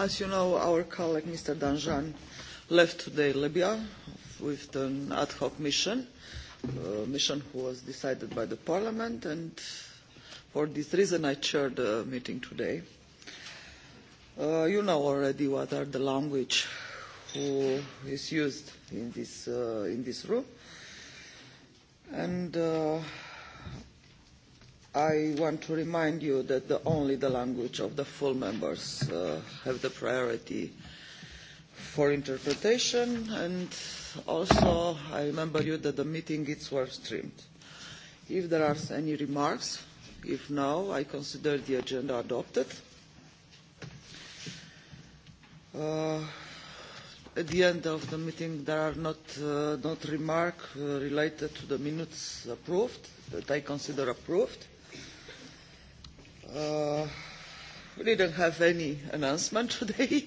As you know, our colleague, Mr. Danjan, left today Libya with an ad hoc mission, a uh, mission who was decided by the parliament, and for this reason I chaired the meeting today. Uh, you know already what are the language who is used in this, uh, in this room. And uh, I want to remind you that the, only the language of the full members uh, have the priority for interpretation, and also I remember you that the meeting is web streamed. If there are any remarks, if no, I consider the agenda adopted. Uh, at the end of the meeting, there are not, uh, not remarks uh, related to the minutes approved that I consider approved. Uh, we didn't have any announcement today.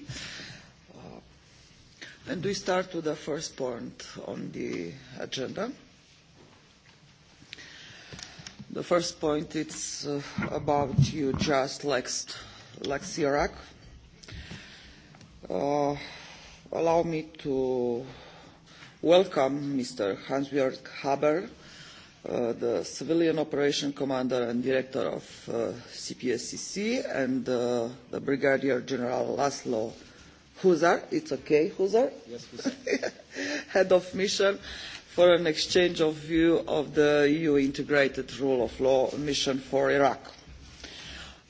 Uh, and we start with the first point on the agenda. The first point is uh, about you just Lex, Lex Iraq. Uh, allow me to welcome Mr. Hans-Jörg Haber, uh, uh, the Civilian Operation Commander and Director of uh, CPSCC, and uh, the Brigadier General Laszlo Huzar, it's okay, Huzar? Yes, Huzar. Head of Mission for an exchange of view of the EU Integrated Rule of Law Mission for Iraq.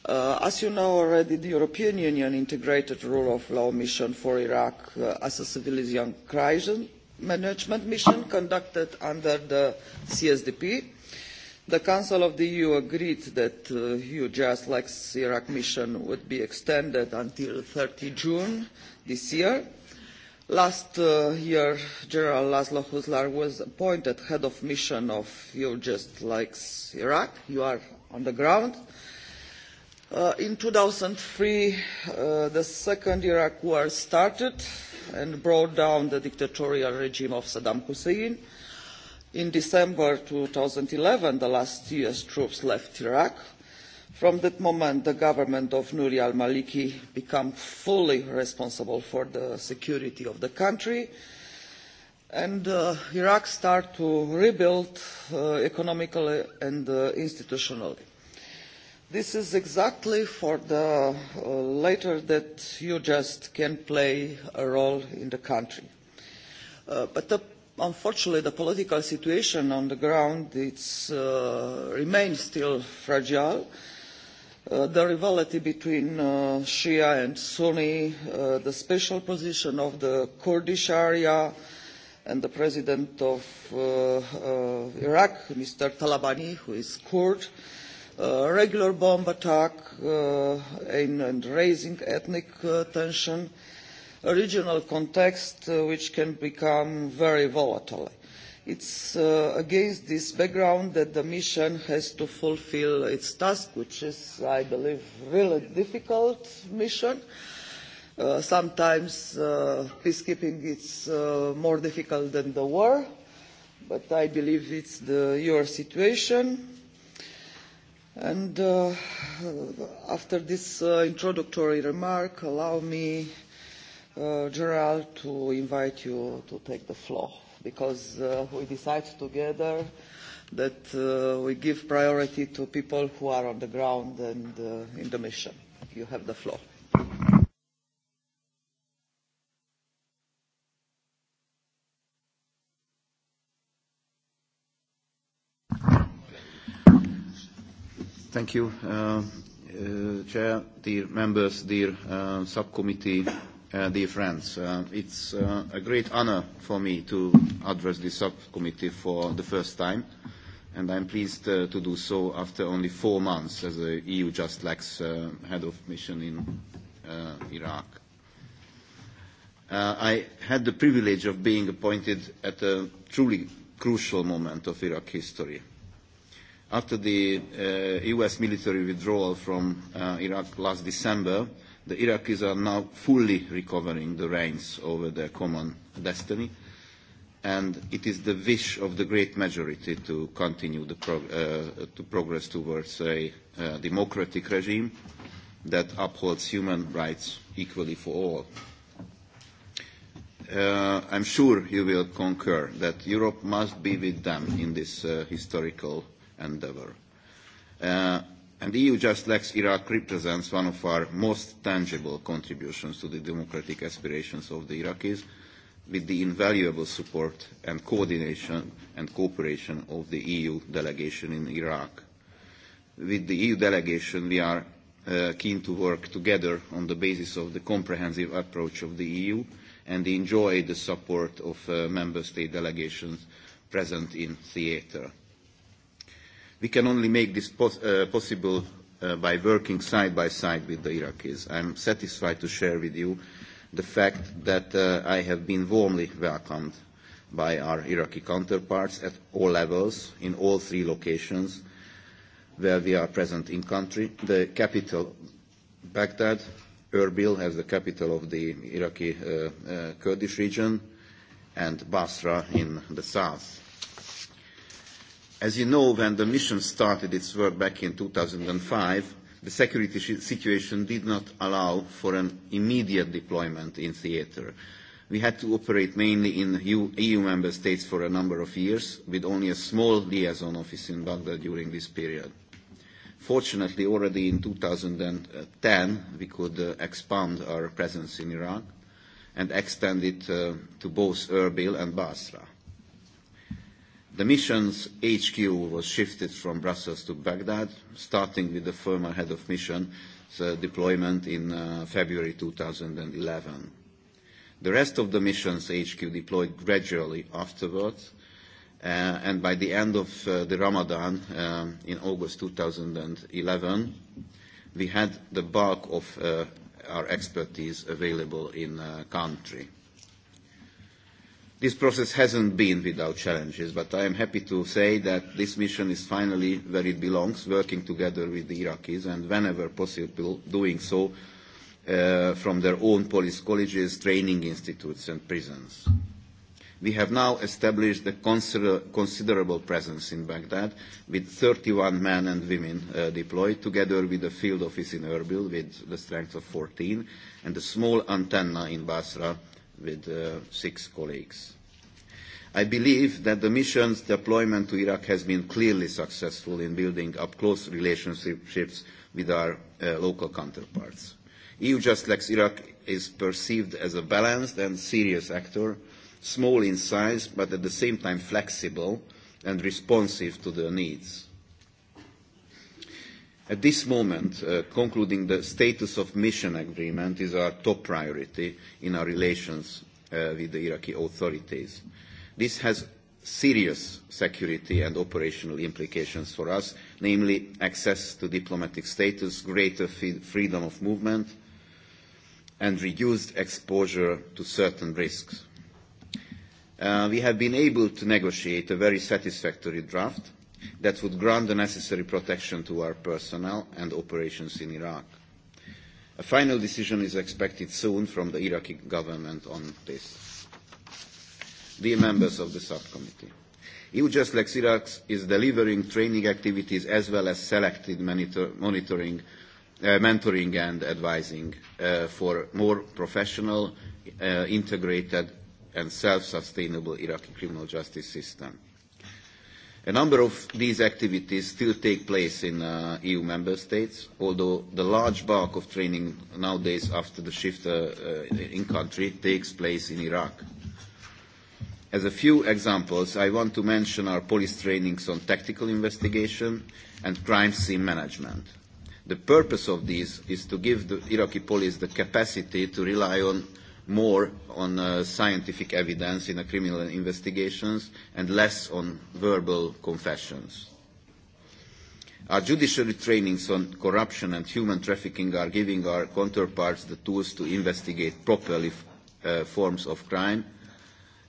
Uh, as you know already, the European Union Integrated Rule of Law Mission for Iraq uh, as a civilian crisis management mission conducted under the CSDP. The Council of the EU agreed that uh, EUJust like Iraq mission would be extended until 30 June this year. Last uh, year, General Laszlo Huslar was appointed head of mission of EUJust like Iraq. You are on the ground. Uh, in 2003, uh, the second Iraq war started and brought down the dictatorial regime of Saddam Hussein. In December 2011, the last US troops left Iraq. From that moment, the government of Nouri al-Maliki became fully responsible for the security of the country and uh, Iraq start to rebuild uh, economically and uh, institutionally. This is exactly for the uh, later that you just can play a role in the country. Uh, but the, unfortunately, the political situation on the ground it's, uh, remains still fragile. Uh, the rivalry between uh, Shia and Sunni, uh, the special position of the Kurdish area, and the president of uh, uh, Iraq, Mr. Talabani, who is Kurd, uh, uh, regular bomb attack uh, aimed at raising ethnic uh, tension, a regional context uh, which can become very volatile. It's uh, against this background that the mission has to fulfill its task, which is, I believe, really difficult mission. Uh, sometimes uh, peacekeeping is uh, more difficult than the war, but I believe it's the, your situation And uh, after this uh, introductory remark, allow me, uh, General, to invite you to take the floor because uh, we decide together that uh, we give priority to people who are on the ground and uh, in the mission. You have the floor. Thank you, uh, uh, Chair, dear members, dear uh, subcommittee, uh, dear friends. Uh, it's uh, a great honor for me to address this subcommittee for the first time, and I'm pleased uh, to do so after only four months as the EU Just Lex uh, head of mission in uh, Iraq. Uh, I had the privilege of being appointed at a truly crucial moment of Iraq history – After the uh, U.S. military withdrawal from uh, Iraq last December, the Iraqis are now fully recovering the reins over their common destiny, and it is the wish of the great majority to continue the prog- uh, to progress towards a uh, democratic regime that upholds human rights equally for all. Uh, I'm sure you will concur that Europe must be with them in this uh, historical endeavor. Uh, and EU e Just Lex Iraq represents one of our most tangible contributions to the democratic aspirations of the Iraqis, with the invaluable support and coordination and cooperation of the EU delegation in Iraq. With the EU delegation, we are uh, keen to work together on the basis of the comprehensive approach of the EU and enjoy the support of uh, member state delegations present in theatre. We can only make this pos uh, possible uh, by working side by side with the Iraqis. I'm satisfied to share with you the fact that uh, I have been warmly welcomed by our Iraqi counterparts at all levels, in all three locations where we are present in country. The capital, Baghdad, Erbil as the capital of the Iraqi uh, uh, Kurdish region, and Basra in the south. As you know, when the mission started its work back in 2005, the security situation did not allow for an immediate deployment in theater. We had to operate mainly in EU e member states for a number of years, with only a small liaison office in Baghdad during this period. Fortunately, already in 2010, we could uh, expand our presence in Iraq and extend it uh, to both Erbil and Basra. The mission's HQ was shifted from Brussels to Baghdad, starting with the former head of mission uh, deployment in uh, February 2011. The rest of the mission's HQ deployed gradually afterwards, uh, and by the end of uh, the Ramadan um, in August 2011, we had the bulk of uh, our expertise available in uh, country. Uh, This process hasn't been without challenges, but I am happy to say that this mission is finally where it belongs, working together with the Iraqis and whenever possible doing so uh, from their own police colleges, training institutes and prisons. We have now established a consider considerable presence in Baghdad with 31 men and women uh, deployed, together with a field office in Erbil with the strength of 14 and a small antenna in Basra with uh, six colleagues. I believe that the mission's deployment to Iraq has been clearly successful in building up close relationships with our uh, local counterparts. EU Just Lex Iraq is perceived as a balanced and serious actor, small in size, but at the same time flexible and responsive to the needs At this moment, uh, concluding the status of mission agreement is our top priority in our relations uh, with the Iraqi authorities. This has serious security and operational implications for us, namely access to diplomatic status, greater freedom of movement, and reduced exposure to certain risks. Uh, we have been able to negotiate a very satisfactory draft that would grant the necessary protection to our personnel and operations in Iraq. A final decision is expected soon from the Iraqi government on this. Dear members of the subcommittee, EU Just Lex like Iraq is delivering training activities as well as selected monitor, monitoring, uh, mentoring and advising uh, for more professional, uh, integrated and self-sustainable Iraqi criminal justice system. A number of these activities still take place in uh, EU member states, although the large bulk of training nowadays after the shift uh, uh, in country takes place in Iraq. As a few examples, I want to mention our police trainings on tactical investigation and crime scene management. The purpose of these is to give the Iraqi police the capacity to rely on more on uh, scientific evidence in a criminal investigations and less on verbal confessions. Our judiciary trainings on corruption and human trafficking are giving our counterparts the tools to investigate properly uh, forms of crime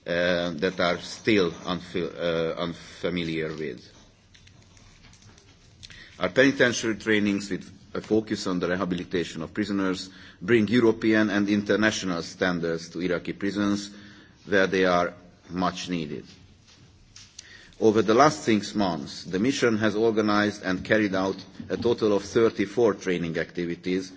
uh, that are still unf uh, unfamiliar with. Our penitentiary trainings with a focus on the rehabilitation of prisoners bring European and international standards to Iraqi prisons where they are much needed. Over the last six months, the mission has organized and carried out a total of 34 training activities,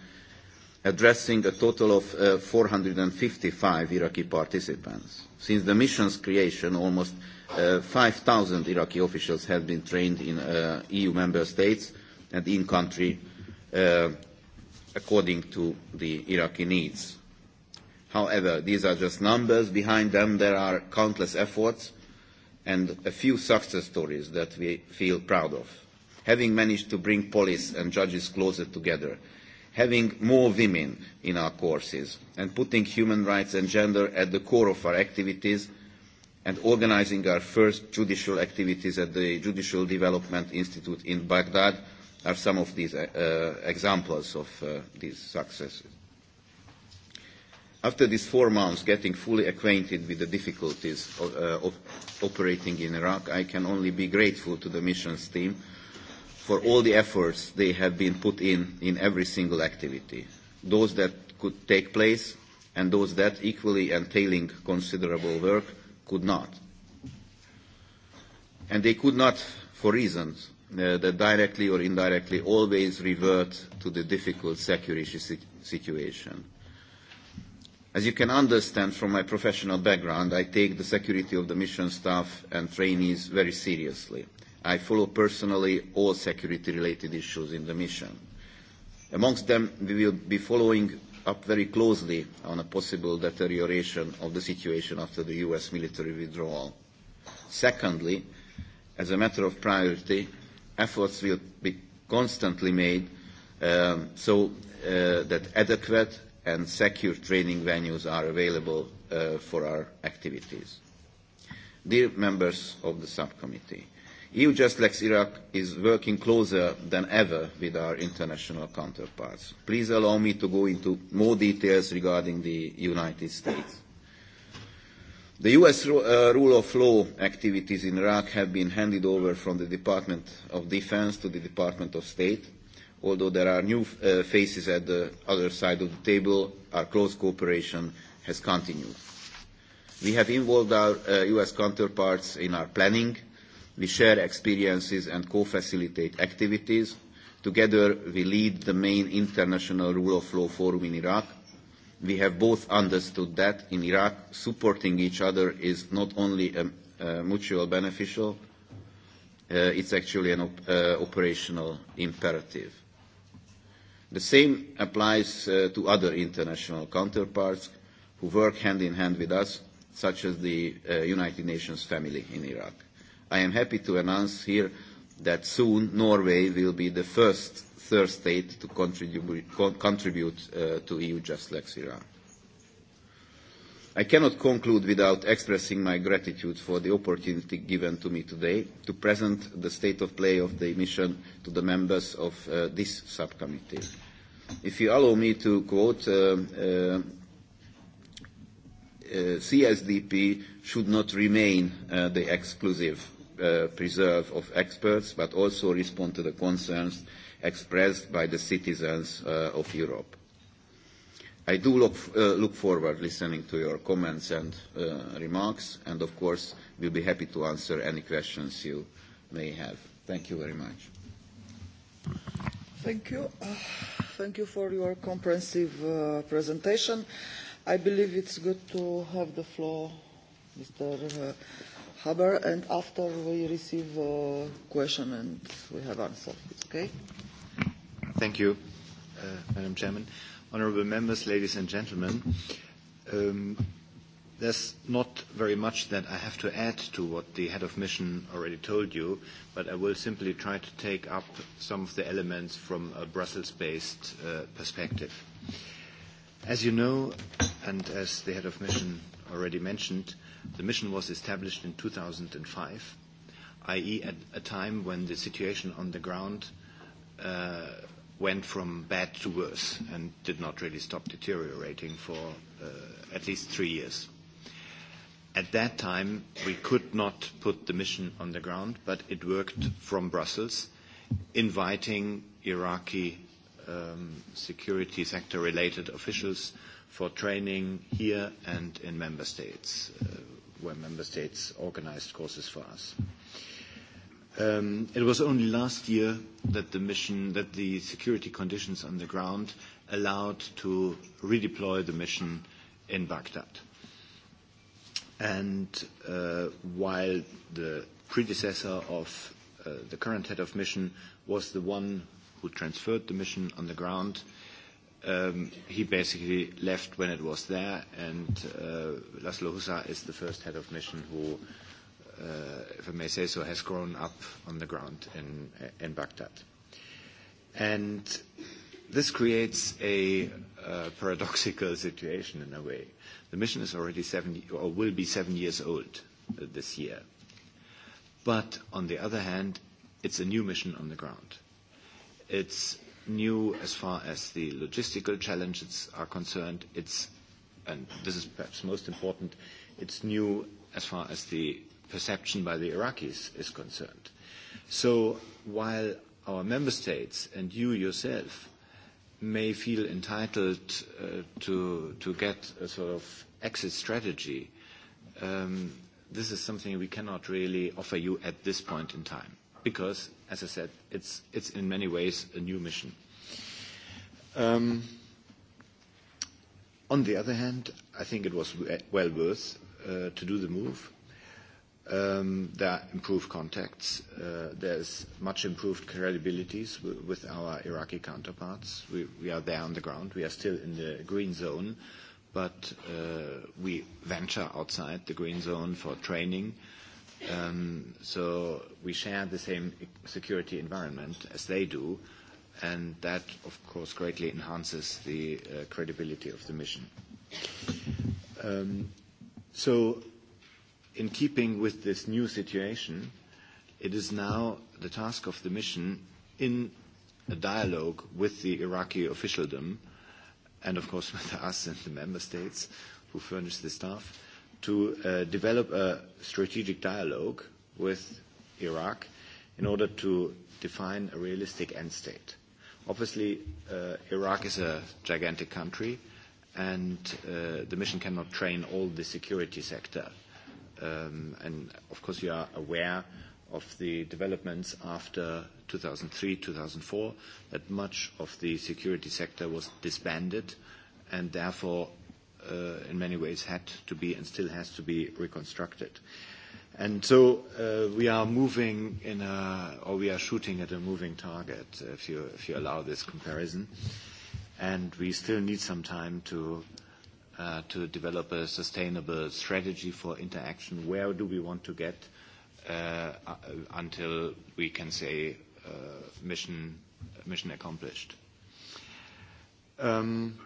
addressing a total of uh, 455 Iraqi participants. Since the mission's creation, almost uh, 5,000 Iraqi officials have been trained in uh, EU member states and in-country uh, according to the Iraqi needs. However, these are just numbers. Behind them, there are countless efforts and a few success stories that we feel proud of. Having managed to bring police and judges closer together, having more women in our courses, and putting human rights and gender at the core of our activities, and organizing our first judicial activities at the Judicial Development Institute in Baghdad – are some of these uh, uh, examples of uh, these successes. After these four months getting fully acquainted with the difficulties of, uh, of operating in Iraq, I can only be grateful to the missions team for all the efforts they have been put in in every single activity, those that could take place and those that, equally entailing considerable work, could not. And they could not for reasons uh, that directly or indirectly always revert to the difficult security sit situation. As you can understand from my professional background, I take the security of the mission staff and trainees very seriously. I follow personally all security-related issues in the mission. Amongst them, we will be following up very closely on a possible deterioration of the situation after the U.S. military withdrawal. Secondly, as a matter of priority, efforts will be constantly made um, so uh, that adequate and secure training venues are available uh, for our activities. Dear members of the subcommittee, EU Just Lex Iraq is working closer than ever with our international counterparts. Please allow me to go into more details regarding the United States. The U.S. Uh, rule of law activities in Iraq have been handed over from the Department of Defense to the Department of State, although there are new uh, faces at the other side of the table, our close cooperation has continued. We have involved our uh, U.S. counterparts in our planning. We share experiences and co-facilitate activities. Together, we lead the main international rule of law forum in Iraq, we have both understood that in Iraq, supporting each other is not only a, a mutual beneficial, uh, it's actually an op- uh, operational imperative. The same applies uh, to other international counterparts who work hand in hand with us, such as the uh, United Nations family in Iraq. I am happy to announce here that soon Norway will be the first third state to contribute, contribute uh, to EU just like Iran. I cannot conclude without expressing my gratitude for the opportunity given to me today to present the state of play of the mission to the members of uh, this subcommittee. If you allow me to quote, um, uh, uh, uh, CSDP should not remain uh, the exclusive uh, preserve of experts, but also respond to the concerns expressed by the citizens uh, of Europe. I do look, uh, look forward listening to your comments and uh, remarks, and of course, we'll be happy to answer any questions you may have. Thank you very much. Thank you. Uh, thank you for your comprehensive uh, presentation. I believe it's good to have the floor, Mr. Uh, Haber, and after we receive a uh, question and we have answer. Okay? Thank you, uh, Madam Chairman. Honorable members, ladies and gentlemen, um, there's not very much that I have to add to what the head of mission already told you, but I will simply try to take up some of the elements from a Brussels-based uh, perspective. As you know, and as the head of mission already mentioned, uh, The mission was established in 2005, i.e., at a time when the situation on the ground uh, went from bad to worse and did not really stop deteriorating for uh, at least three years. At that time, we could not put the mission on the ground, but it worked from Brussels, inviting Iraqi um, security sector-related officials mm-hmm for training here and in member states, uh, where member states organized courses for us. Um, it was only last year that the mission, that the security conditions on the ground allowed to redeploy the mission in Baghdad. And uh, while the predecessor of uh, the current head of mission was the one who transferred the mission on the ground, uh, um, he basically left when it was there, and uh, Laszlo Husa is the first head of mission who, uh, if I may say so, has grown up on the ground in, in Baghdad. And this creates a uh, paradoxical situation in a way. The mission is already seven, or will be seven years old uh, this year. But on the other hand, it's a new mission on the ground. It's new as far as the logistical challenges are concerned. It's, and this is perhaps most important, it's new as far as the perception by the Iraqis is concerned. So while our member states and you yourself may feel entitled uh, to, to get a sort of exit strategy, um, this is something we cannot really offer you at this point in time because as I said, it's, it's in many ways a new mission. Um, on the other hand, I think it was well worth uh, to do the move. Um, there are improved contacts. Uh, there's much improved credibilities with our Iraqi counterparts. We, we are there on the ground. We are still in the green zone, but uh, we venture outside the green zone for training, Um, so we share the same security environment as they do, and that, of course, greatly enhances the uh, credibility of the mission. Um, so in keeping with this new situation, it is now the task of the mission in a dialogue with the Iraqi officialdom and, of course, with us and the member states who furnish the staff to uh, develop a strategic dialogue with Iraq in order to define a realistic end state. Obviously, uh, Iraq is a gigantic country, and uh, the mission cannot train all the security sector. Um, and of course, you are aware of the developments after 2003, 2004, that much of the security sector was disbanded, and therefore uh, in many ways had to be and still has to be reconstructed. And so uh, we are moving in a, or we are shooting at a moving target, if you, if you allow this comparison. And we still need some time to, uh, to develop a sustainable strategy for interaction. Where do we want to get uh, uh until we can say uh, mission, mission accomplished? Um,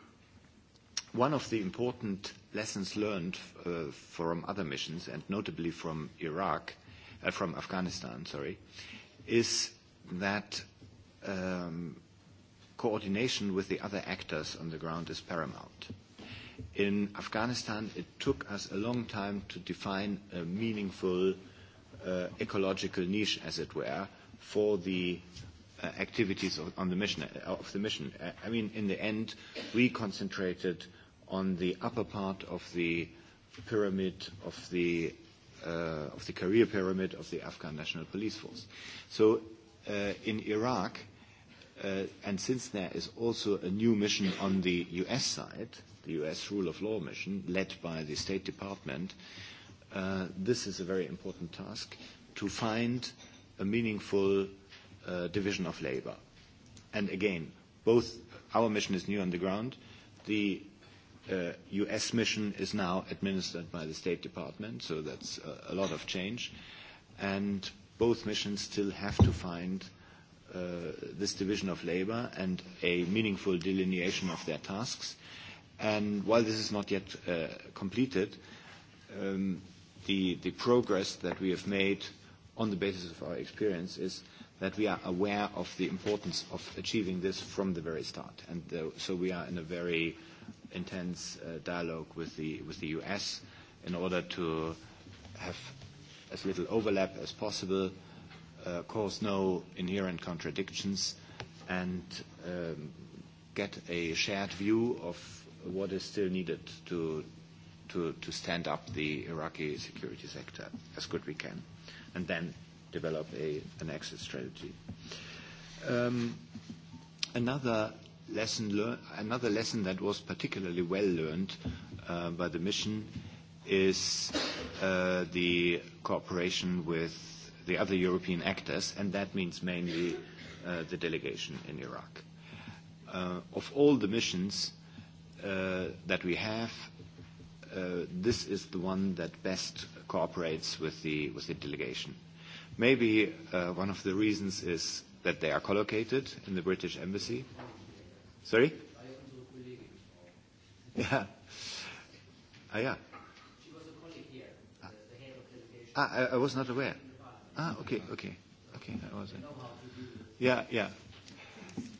one of the important lessons learned uh, from other missions, and notably from Iraq, uh, from Afghanistan, sorry, is that um, coordination with the other actors on the ground is paramount. In Afghanistan, it took us a long time to define a meaningful uh, ecological niche, as it were, for the uh, activities of, on the mission, uh, of the mission. Uh, I mean, in the end, we concentrated uh, on the upper part of the pyramid of the uh, of the career pyramid of the Afghan National Police Force. So uh, in Iraq, uh, and since there is also a new mission on the U.S. side, the U.S. rule of law mission led by the State Department, uh, this is a very important task to find a meaningful uh, division of labor. And again, both our mission is new on the ground. The uh, U.S. mission is now administered by the State Department, so that's a, a lot of change. And both missions still have to find uh, this division of labor and a meaningful delineation of their tasks. And while this is not yet uh, completed, um, the, the progress that we have made on the basis of our experience is that we are aware of the importance of achieving this from the very start. And the, uh, so we are in a very uh, intense uh, dialogue with the, with the US in order to have as little overlap as possible, uh, cause no inherent contradictions, and um, get a shared view of what is still needed to, to, to stand up the Iraqi security sector as good we can, and then develop a, an exit strategy. Um, another lesson lear- another lesson that was particularly well learned uh, by the mission is uh, the cooperation with the other European actors, and that means mainly uh, the delegation in Iraq. Uh, of all the missions uh, that we have, uh, this is the one that best cooperates with the, with the delegation. Maybe uh, one of the reasons is that they are collocated in the British Embassy. Uh, Sorry? Yeah. Ah, yeah. She was a colleague here, ah. the, the head of delegation. Ah, I, I was not aware. Ah, okay, okay, okay. I was. Yeah, yeah.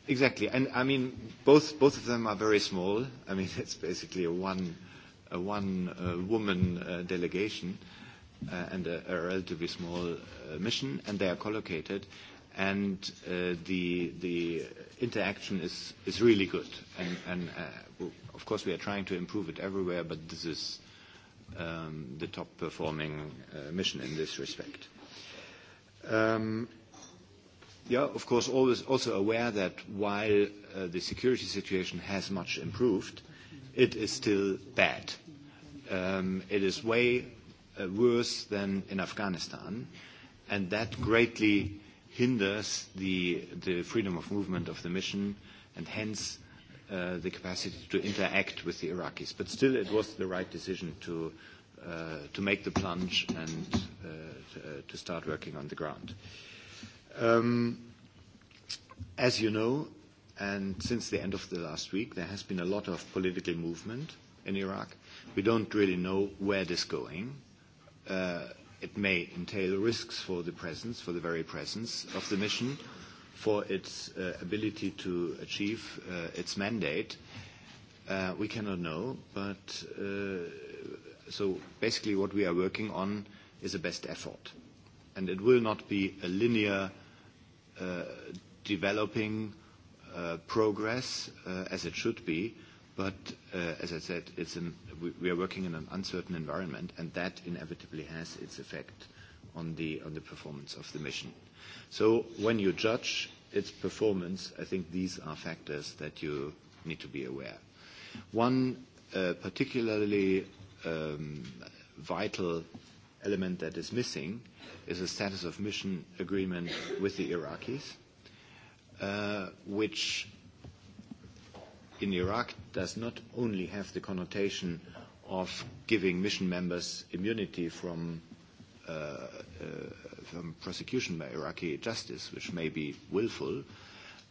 Exactly, and I mean both both of them are very small. I mean it's basically a one a one uh, woman uh, delegation uh, and a, a relatively small uh, mission, and they are collocated. Uh, and uh, the, the interaction is, is really good. And, and uh, of course, we are trying to improve it everywhere, but this is um, the top performing uh, mission in this respect. Um, yeah, of course, always also aware that while uh, the security situation has much improved, it is still bad. Um, it is way uh, worse than in Afghanistan, and that greatly hinders the, the freedom of movement of the mission and hence uh, the capacity to interact with the Iraqis. But still, it was the right decision to, uh, to make the plunge and uh, to, uh, to start working on the ground. Um, as you know, and since the end of the last week, there has been a lot of political movement in Iraq. We don't really know where this is going. Uh, It may entail risks for the presence, for the very presence of the mission, for its uh, ability to achieve uh, its mandate. Uh, we cannot know, but uh, so basically what we are working on is a best effort. And it will not be a linear uh, developing uh, progress uh, as it should be. Uh, But uh, as I said, it's an, we, we are working in an uncertain environment, and that inevitably has its effect on the, on the performance of the mission. So when you judge its performance, I think these are factors that you need to be aware. One uh, particularly um, vital element that is missing is a status of mission agreement with the Iraqis, uh, which in Iraq does not only have the connotation of giving mission members immunity from, uh, uh, from prosecution by Iraqi justice, which may be willful,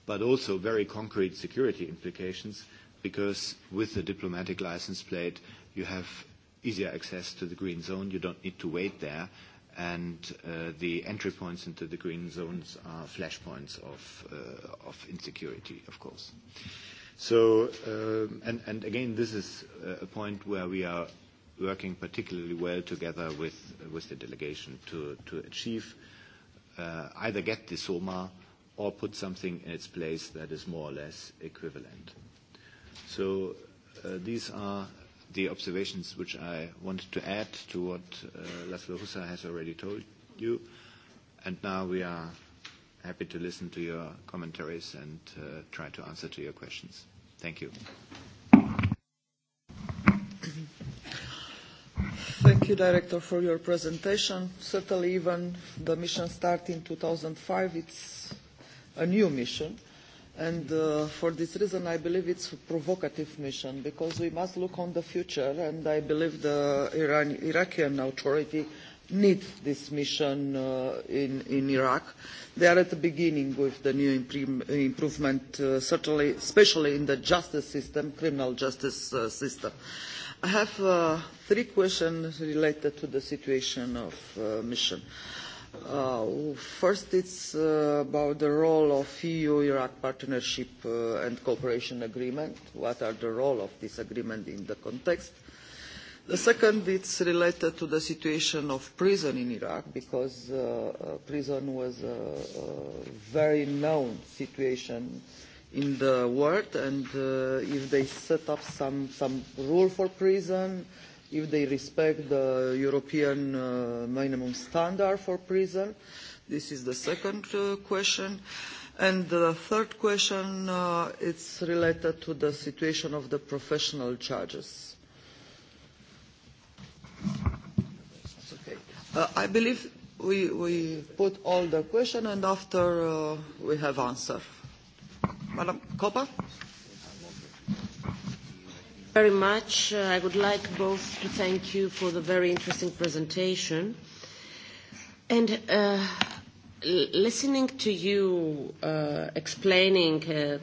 but also very concrete security implications because with the diplomatic license plate, you have easier access to the green zone. You don't need to wait there. And uh, the entry points into the green zones are flashpoints of, uh, of insecurity, of course. Uh, So, um, and, and again, this is uh, a point where we are working particularly well together with, with the delegation to, to achieve uh, either get the SOMA or put something in its place that is more or less equivalent. So, uh, these are the observations which I wanted to add to what uh, Laszlo Husa has already told you. And now we are happy to listen to your commentaries and uh, try to answer to your questions. Thank you. Thank you, Director, for your presentation. Certainly, even the mission started in 2005, it's a new mission. And uh, for this reason, I believe it's a provocative mission because we must look on the future. And I believe the Iran Iraqi authority need this mission uh, in, in Iraq. They are at the beginning with the new impre- improvement, uh, certainly, especially in the justice system, criminal justice uh, system. I have uh, three questions related to the situation of uh, mission. Uh, first, it's uh, about the role of EU-Iraq partnership uh, and cooperation agreement. What are the role of this agreement in the context? Uh, The second, it's related to the situation of prison in Iraq, because uh, uh, prison was a, a very known situation in the world, and uh, if they set up some, some rule for prison, if they respect the European uh, minimum standard for prison, this is the second uh, question. And the third question, uh, it's related to the situation of the professional judges Okay. Uh, I believe we, we put all the question, and after uh, we have answer. Madam Coppa? Very much. Uh, I would like both to thank you for the very interesting presentation. And uh, listening to you uh, explaining uh,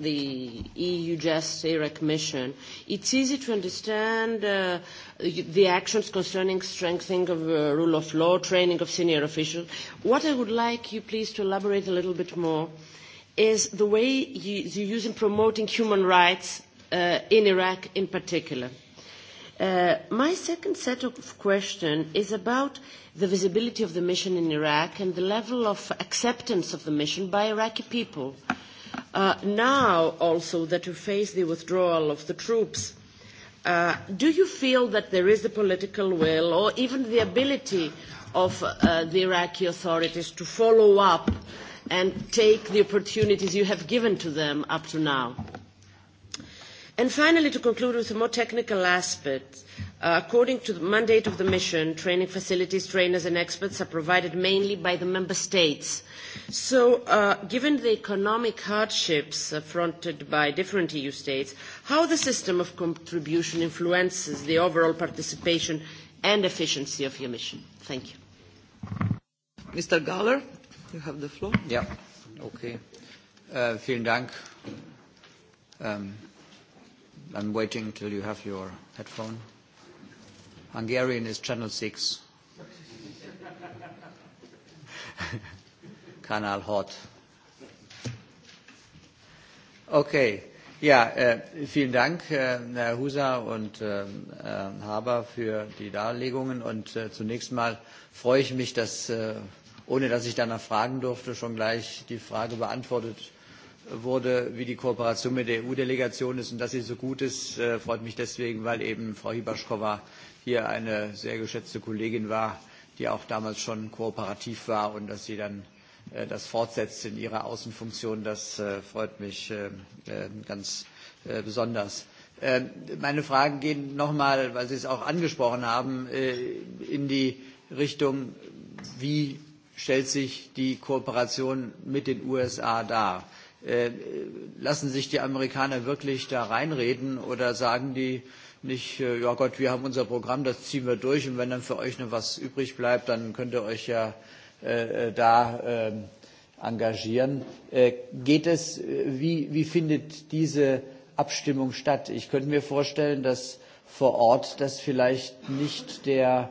the EU Just Iraq mission, it's easy to understand uh, the actions concerning strengthening of uh, rule of law, training of senior officials. What I would like you please to elaborate a little bit more is the way you, you use in promoting human rights uh, in Iraq in particular. Uh, my second set of question is about the visibility of the mission in Iraq and the level of acceptance of the mission by Iraqi people. Uh, Uh, now also that you face the withdrawal of the troops, uh, do you feel that there is the political will or even the ability of uh, the Iraqi authorities to follow up and take the opportunities you have given to them up to now? And finally, to conclude with a more technical aspect, Uh, according to the mandate of the mission, training facilities, trainers and experts are provided mainly by the member states. So, uh, given the economic hardships affronted by different EU states, how the system of contribution influences the overall participation and efficiency of your mission? Thank you. Mr. Galler, you have the floor. Yeah, okay. Uh, vielen Dank. Um, I'm waiting till you have your headphone. Hungarian is Channel 6. Kanal Hot. Okay. Ja, äh, vielen Dank, äh, Herr Huser und äh, Haber, für die Darlegungen. Und äh, zunächst mal freue ich mich, dass, äh, ohne dass ich danach fragen durfte, schon gleich die Frage beantwortet wurde, wie die Kooperation mit der EU-Delegation ist und dass sie so gut ist, äh, freut mich deswegen, weil eben Frau Hibaschkova hier eine sehr geschätzte Kollegin war, die auch damals schon kooperativ war und dass sie dann äh, das fortsetzt in ihrer Außenfunktion. Das äh, freut mich äh, äh ganz äh, besonders. Äh, meine Fragen gehen nochmal, weil Sie es auch angesprochen haben, äh, in die Richtung, wie stellt sich die Kooperation mit den USA dar? Äh, lassen sich die Amerikaner wirklich da reinreden oder sagen die, äh, nicht, äh, ja Gott, wir haben unser Programm, das ziehen wir durch und wenn dann für euch noch was übrig bleibt, dann könnt ihr euch ja äh, äh da äh, engagieren. Äh, geht es, äh, wie, wie findet diese Abstimmung statt? Ich könnte mir vorstellen, dass vor Ort das vielleicht nicht der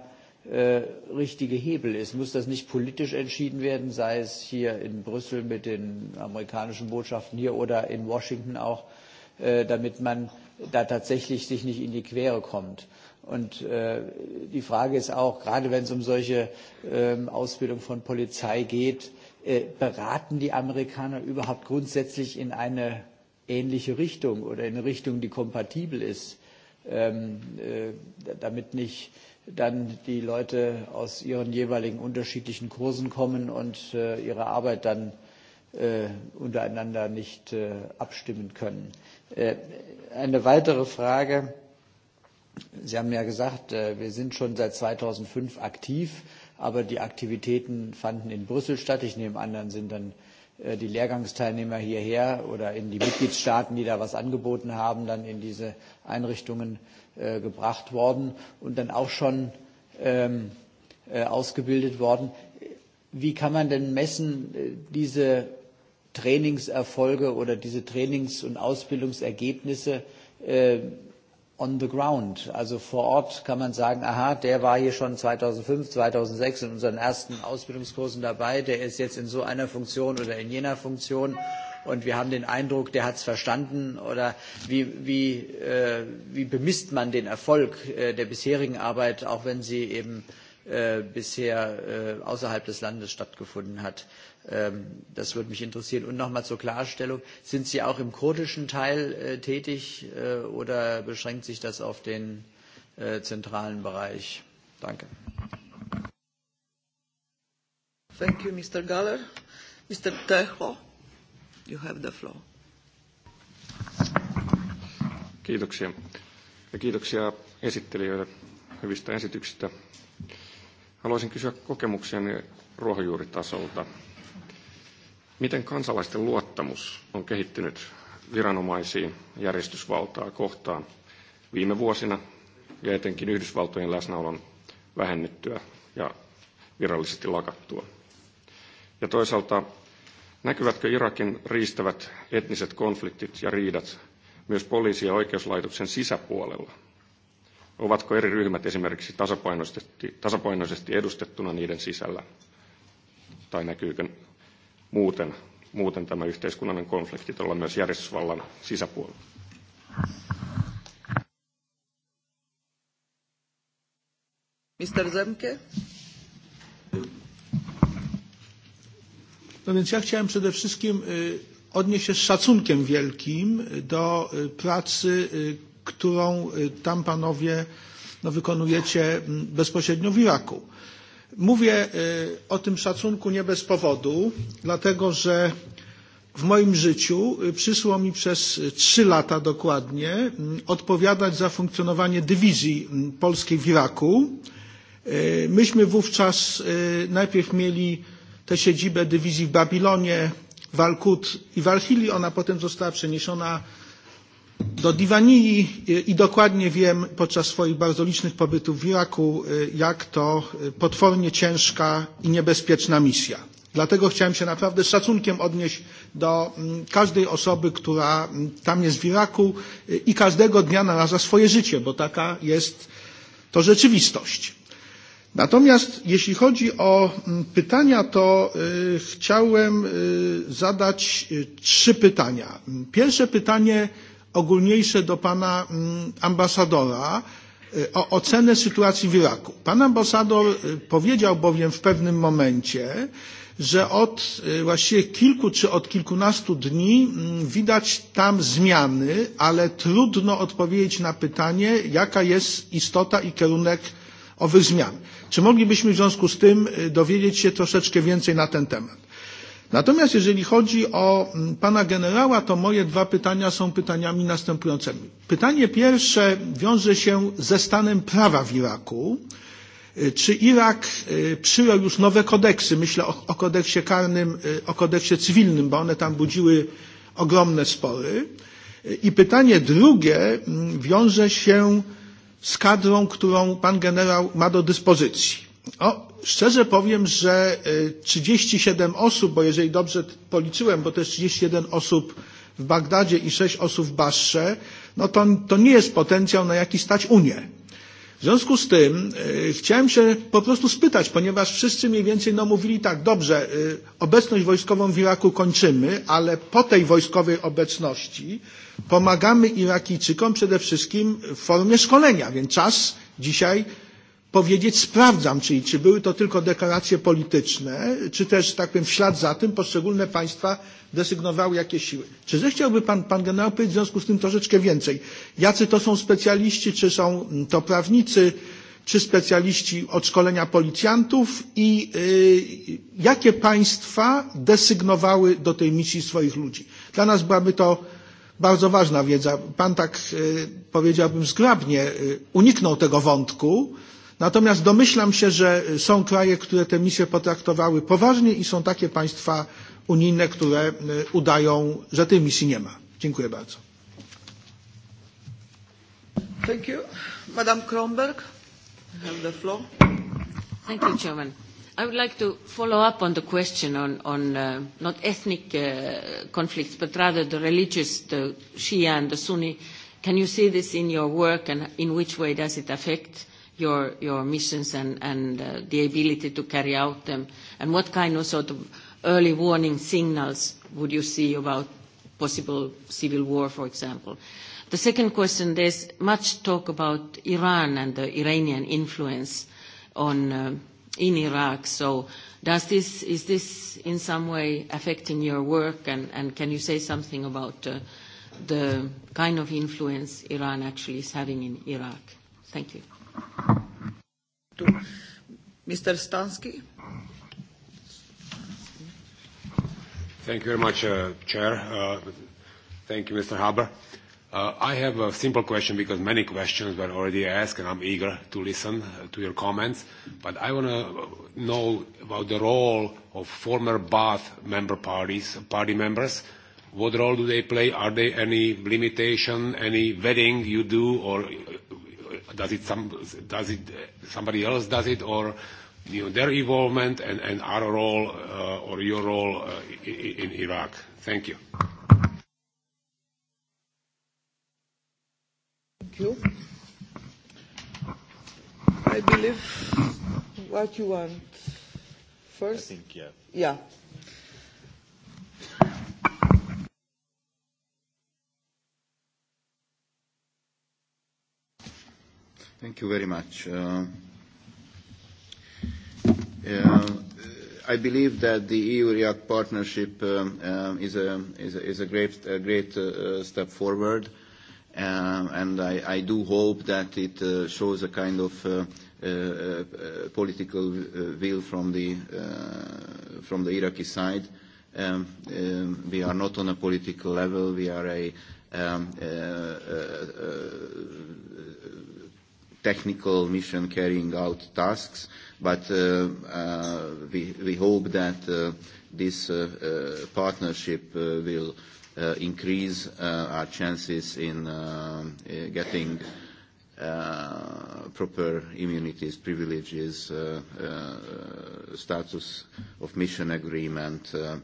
äh, richtige Hebel ist. Muss das nicht politisch entschieden werden, sei es hier in Brüssel mit den amerikanischen Botschaften hier oder in Washington auch, äh, damit man da tatsächlich sich nicht in die Quere kommt. Und äh, die Frage ist auch, gerade wenn es um solche äh, Ausbildung von Polizei geht, äh, beraten die Amerikaner überhaupt grundsätzlich in eine ähnliche Richtung oder in eine Richtung, die kompatibel ist, ähm, äh, damit nicht dann die Leute aus ihren jeweiligen unterschiedlichen Kursen kommen und äh, ihre Arbeit dann äh, untereinander nicht äh, abstimmen können. Äh, Äh, eine weitere Frage. Sie haben ja gesagt, äh, wir sind schon seit 2005 aktiv, aber die Aktivitäten fanden in Brüssel statt. Ich nehme an, dann sind dann äh, die Lehrgangsteilnehmer hierher oder in die Mitgliedstaaten, die da was angeboten haben, dann in diese Einrichtungen äh, gebracht worden und dann auch schon ähm, äh, ausgebildet worden. Wie kann man denn messen, diese Trainingserfolge oder diese Trainings- und Ausbildungsergebnisse äh, on the ground. Also vor Ort kann man sagen, aha, der war hier schon 2005, 2006 in unseren ersten Ausbildungskursen dabei, der ist jetzt in so einer Funktion oder in jener Funktion und wir haben den Eindruck, der hat es verstanden oder wie, wie, äh, wie bemisst man den Erfolg äh, der bisherigen Arbeit, auch wenn sie eben äh, bisher äh, außerhalb des Landes stattgefunden hat. Ähm, das würde mich interessieren. Und nochmal zur Klarstellung, sind Sie auch im kurdischen Teil äh, tätig äh, oder beschränkt sich das auf den äh, zentralen Bereich? Danke. Thank you, Mr. Galler. Mr. Teho, you have the floor. Kiitoksia. Ja kiitoksia esittelijöille hyvistä esityksistä. Haluaisin kysyä kokemuksiani ruohonjuuritasolta. Miten kansalaisten luottamus on kehittynyt viranomaisiin järjestysvaltaa kohtaan viime vuosina ja etenkin Yhdysvaltojen läsnäolon vähennettyä ja virallisesti lakattua? Ja toisaalta, näkyvätkö Irakin riistävät etniset konfliktit ja riidat myös poliisi- ja oikeuslaitoksen sisäpuolella? Ovatko eri ryhmät esimerkiksi tasapainoisesti, tasapainoisesti edustettuna niiden sisällä? Tai näkyykö muuten, muuten tämä yhteiskunnallinen konflikti olla myös järjestysvallan sisäpuolella. Mr. Zemke? No więc ja chciałem przede wszystkim odnieść się z szacunkiem wielkim do pracy, którą tam panowie no, wykonujecie mm, bezpośrednio w Iraku. Mówię o tym szacunku nie bez powodu, dlatego że w moim życiu przyszło mi przez trzy lata dokładnie odpowiadać za funkcjonowanie dywizji polskiej w Iraku. Myśmy wówczas najpierw mieli tę siedzibę dywizji w Babilonie, w Al-Qud i w Al-Hili. Ona potem została przeniesiona do Diwanii i dokładnie wiem podczas swoich bardzo licznych pobytów w Iraku, jak to potwornie ciężka i niebezpieczna misja. Dlatego chciałem się naprawdę z szacunkiem odnieść do mm, każdej osoby, która mm, tam jest w Iraku i każdego dnia naraża swoje życie, bo taka jest to rzeczywistość. Natomiast jeśli chodzi o mm, pytania, to chciałem zadać trzy pytania. Pierwsze pytanie ogólniejsze do pana mm, ambasadora e, o ocenę sytuacji w Iraku. Pan ambasador e, powiedział bowiem w pewnym momencie, że od e, właściwie kilku czy od kilkunastu dni mm, widać tam zmiany, ale trudno odpowiedzieć na pytanie, jaka jest istota i kierunek owych zmian. Czy moglibyśmy w związku z tym dowiedzieć się troszeczkę więcej na ten temat? Natomiast jeżeli chodzi o mm, pana generała, to moje dwa pytania są pytaniami następującymi. Pytanie pierwsze wiąże się ze stanem prawa w Iraku. Czy Irak przyjął już nowe kodeksy? Myślę o, o kodeksie karnym, o kodeksie cywilnym, bo one tam budziły ogromne spory. I pytanie drugie mm, wiąże się z kadrą, którą pan generał ma do dyspozycji. O, szczerze powiem, że 37 e, osób, bo jeżeli dobrze policzyłem, bo to jest 31 osób w Bagdadzie i 6 osób w Basrze, no to, to nie jest potencjał, na jaki stać Unię. W związku z tym y, e, chciałem się po prostu spytać, ponieważ wszyscy mniej więcej no, mówili tak, dobrze, y, e, obecność wojskową w Iraku kończymy, ale po tej wojskowej obecności pomagamy Irakijczykom przede wszystkim w formie szkolenia, więc czas dzisiaj powiedzieć sprawdzam, czyli czy były to tylko deklaracje polityczne, czy też, tak powiem, w ślad za tym poszczególne państwa desygnowały jakieś siły. Czy zechciałby pan, pan generał powiedzieć w związku z tym troszeczkę więcej? Jacy to są specjaliści, czy są mm, to prawnicy, czy specjaliści od szkolenia policjantów i y, jakie państwa desygnowały do tej misji swoich ludzi? Dla nas byłaby to bardzo ważna wiedza. Pan tak, y, powiedziałbym zgrabnie, y, uniknął tego wątku, y, Natomiast domyślam się, że są kraje, które te misje potraktowały poważnie i są takie państwa unijne, które udają, że tej misji nie ma. Dziękuję bardzo. Thank you. Madam Kronberg, you have the floor. Thank you, Chairman. I would like to follow up on the question on, on uh, not ethnic uh, conflicts, but rather the religious, the Shia and the Sunni. Can you see this in your work, and in which way does it affect uh, your, your missions and, and uh, the ability to carry out them? And what kind of sort of early warning signals would you see about possible civil war, for example? The second question, there's much talk about Iran and the Iranian influence on, uh, in Iraq. So does this, is this in some way affecting your work? And, and can you say something about uh, the kind of influence Iran actually is having in Iraq? Thank you. Tu, Mr. Stansky. Thank you very much, uh, Chair. Uh, thank you, Mr. Haber. Uh, I have a simple question because many questions were already asked, and I'm eager to listen uh, to your comments. But I want to know about the role of former Baath member parties, party members. What role do they play? Are there any limitation, any vetting you do, or does it some does it somebody else does it or you know their involvement and, and our role uh, or your role uh, in, in Iraq? Thank you. Thank you. I believe what you want first. I think yeah. Yeah. Thank you very much. Uh, uh, I believe that the EU-REACT partnership um, um, is, a, is, a, is a great, a great uh, step forward, um, and I, I do hope that it uh, shows a kind of uh, uh, uh, political uh, will from the, uh, from the Iraqi side. Um, um, we are not on a political level. We are a um, uh, uh, uh, technical mission carrying out tasks, but uh, uh, we, we hope that uh, this uh, uh, partnership uh, will uh, increase uh, our chances in uh, uh, getting uh, proper immunities, privileges, uh, uh, status of mission agreement, uh,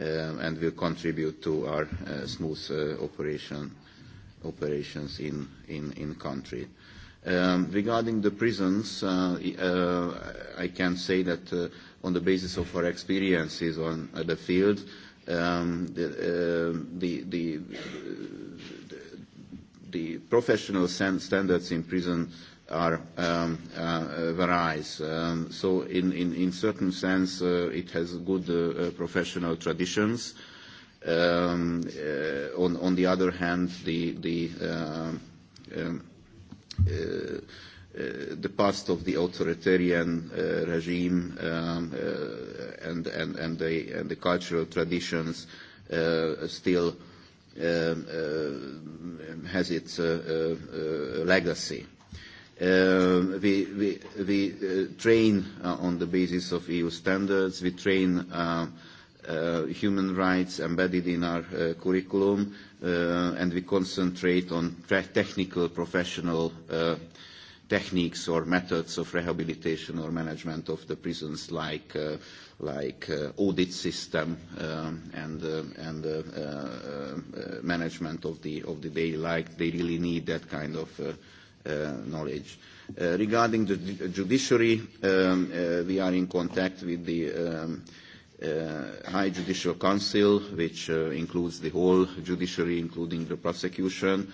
uh, and will contribute to our uh, smooth uh, operation, operations in, in, in country. Uh, Um, regarding the prisons, uh, uh, I can say that uh, on the basis of our experiences on uh, the field, um, the, uh, the, the, the professional standards in prison are um, uh, varies. Um, so in, in, in certain sense, uh, it has good uh, uh, professional traditions. Um, uh, on, on the other hand, the, the uh, um, Uh, uh, the past of the authoritarian uh, regime um, uh, and, and, and, the, and the cultural traditions uh, still um, uh, has its uh, uh, uh, legacy. Uh, we we, we uh, train uh, on the basis of EU standards. We train uh, uh, human rights embedded in our uh, curriculum, uh, and we concentrate on technical professional uh, techniques or methods of rehabilitation or management of the prisons like uh, like uh, audit system um, and uh, and uh, uh, uh, management of the of the daily life they really need that kind of uh, uh, knowledge uh, regarding the judiciary um, uh, we are in contact with the um, uh, uh, High Judicial Council, which uh, includes the whole judiciary, including the prosecution.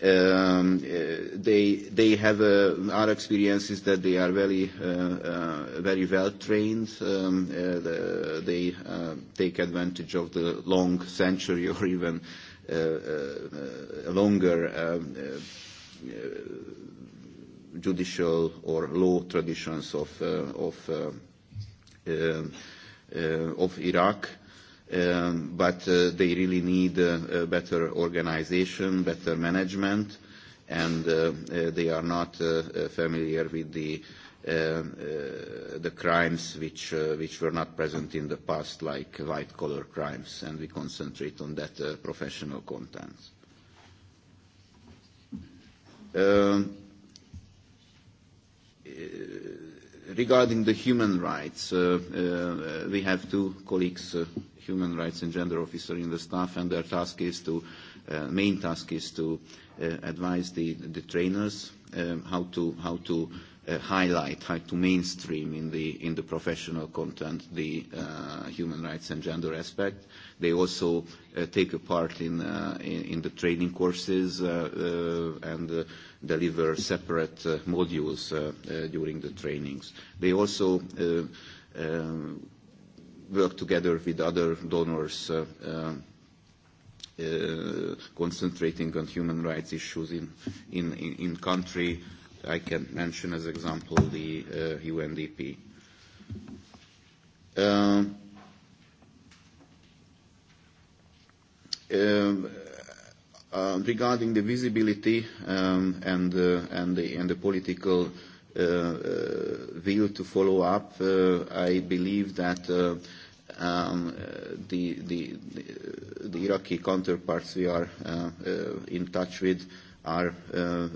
Um, uh, they they have uh, our experience is that they are very uh, uh, very well trained. Um, uh, the, they uh, take advantage of the long century or even uh, uh, longer. Um, uh, uh, judicial or law traditions of uh, of uh, uh, uh, of Iraq, um, but uh, they really need uh, uh, better organization, better management, and uh, uh, they are not uh, uh, familiar with the uh, uh, the crimes which uh, which were not present in the past, like white collar crimes, and we concentrate on that uh, professional content. Um, uh, regarding the human rights, uh, uh, we have two colleagues, uh, human rights and gender officer in the staff, and their task is to, uh, main task is to uh, advise the, the trainers um, how to, how to uh, highlight, how to mainstream in the, in the professional content the uh, human rights and gender aspect. They also uh, take a part in, uh, in, in the training courses uh, uh, and uh, deliver separate uh, modules uh, uh, during the trainings. They also uh, um, work together with other donors uh, uh, uh, concentrating on human rights issues in, in, in, in country. I can mention as example the uh, UNDP. Um, um, Uh, regarding the visibility um, and, uh, and, the, and the political uh, uh, will to follow up, uh, I believe that uh, um, uh, the, the, the Iraqi counterparts we are uh, uh, in touch with are uh, uh,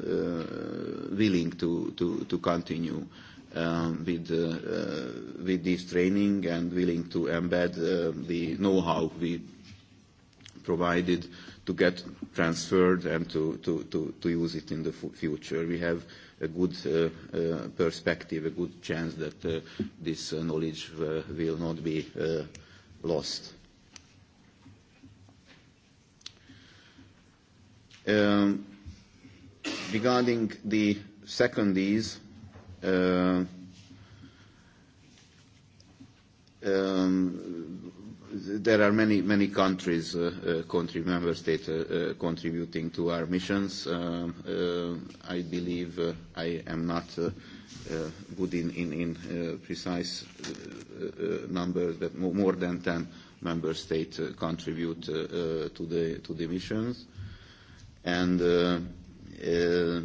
willing to, to, to continue um, with, uh, uh, with this training and willing to embed uh, the know-how we provided to get transferred and to, to, to, to use it in the future. We have a good uh, uh, perspective, a good chance that uh, this uh, knowledge uh, will not be uh, lost. Um, regarding the second is, uh, um, there are many, many countries, uh, uh, country member states uh, uh, contributing to our missions. Um, uh, I believe uh, I am not uh, uh, good in, in, in uh, precise uh, uh, numbers, but more than 10 member states uh, contribute uh, uh, to, the, to the missions. And uh, uh,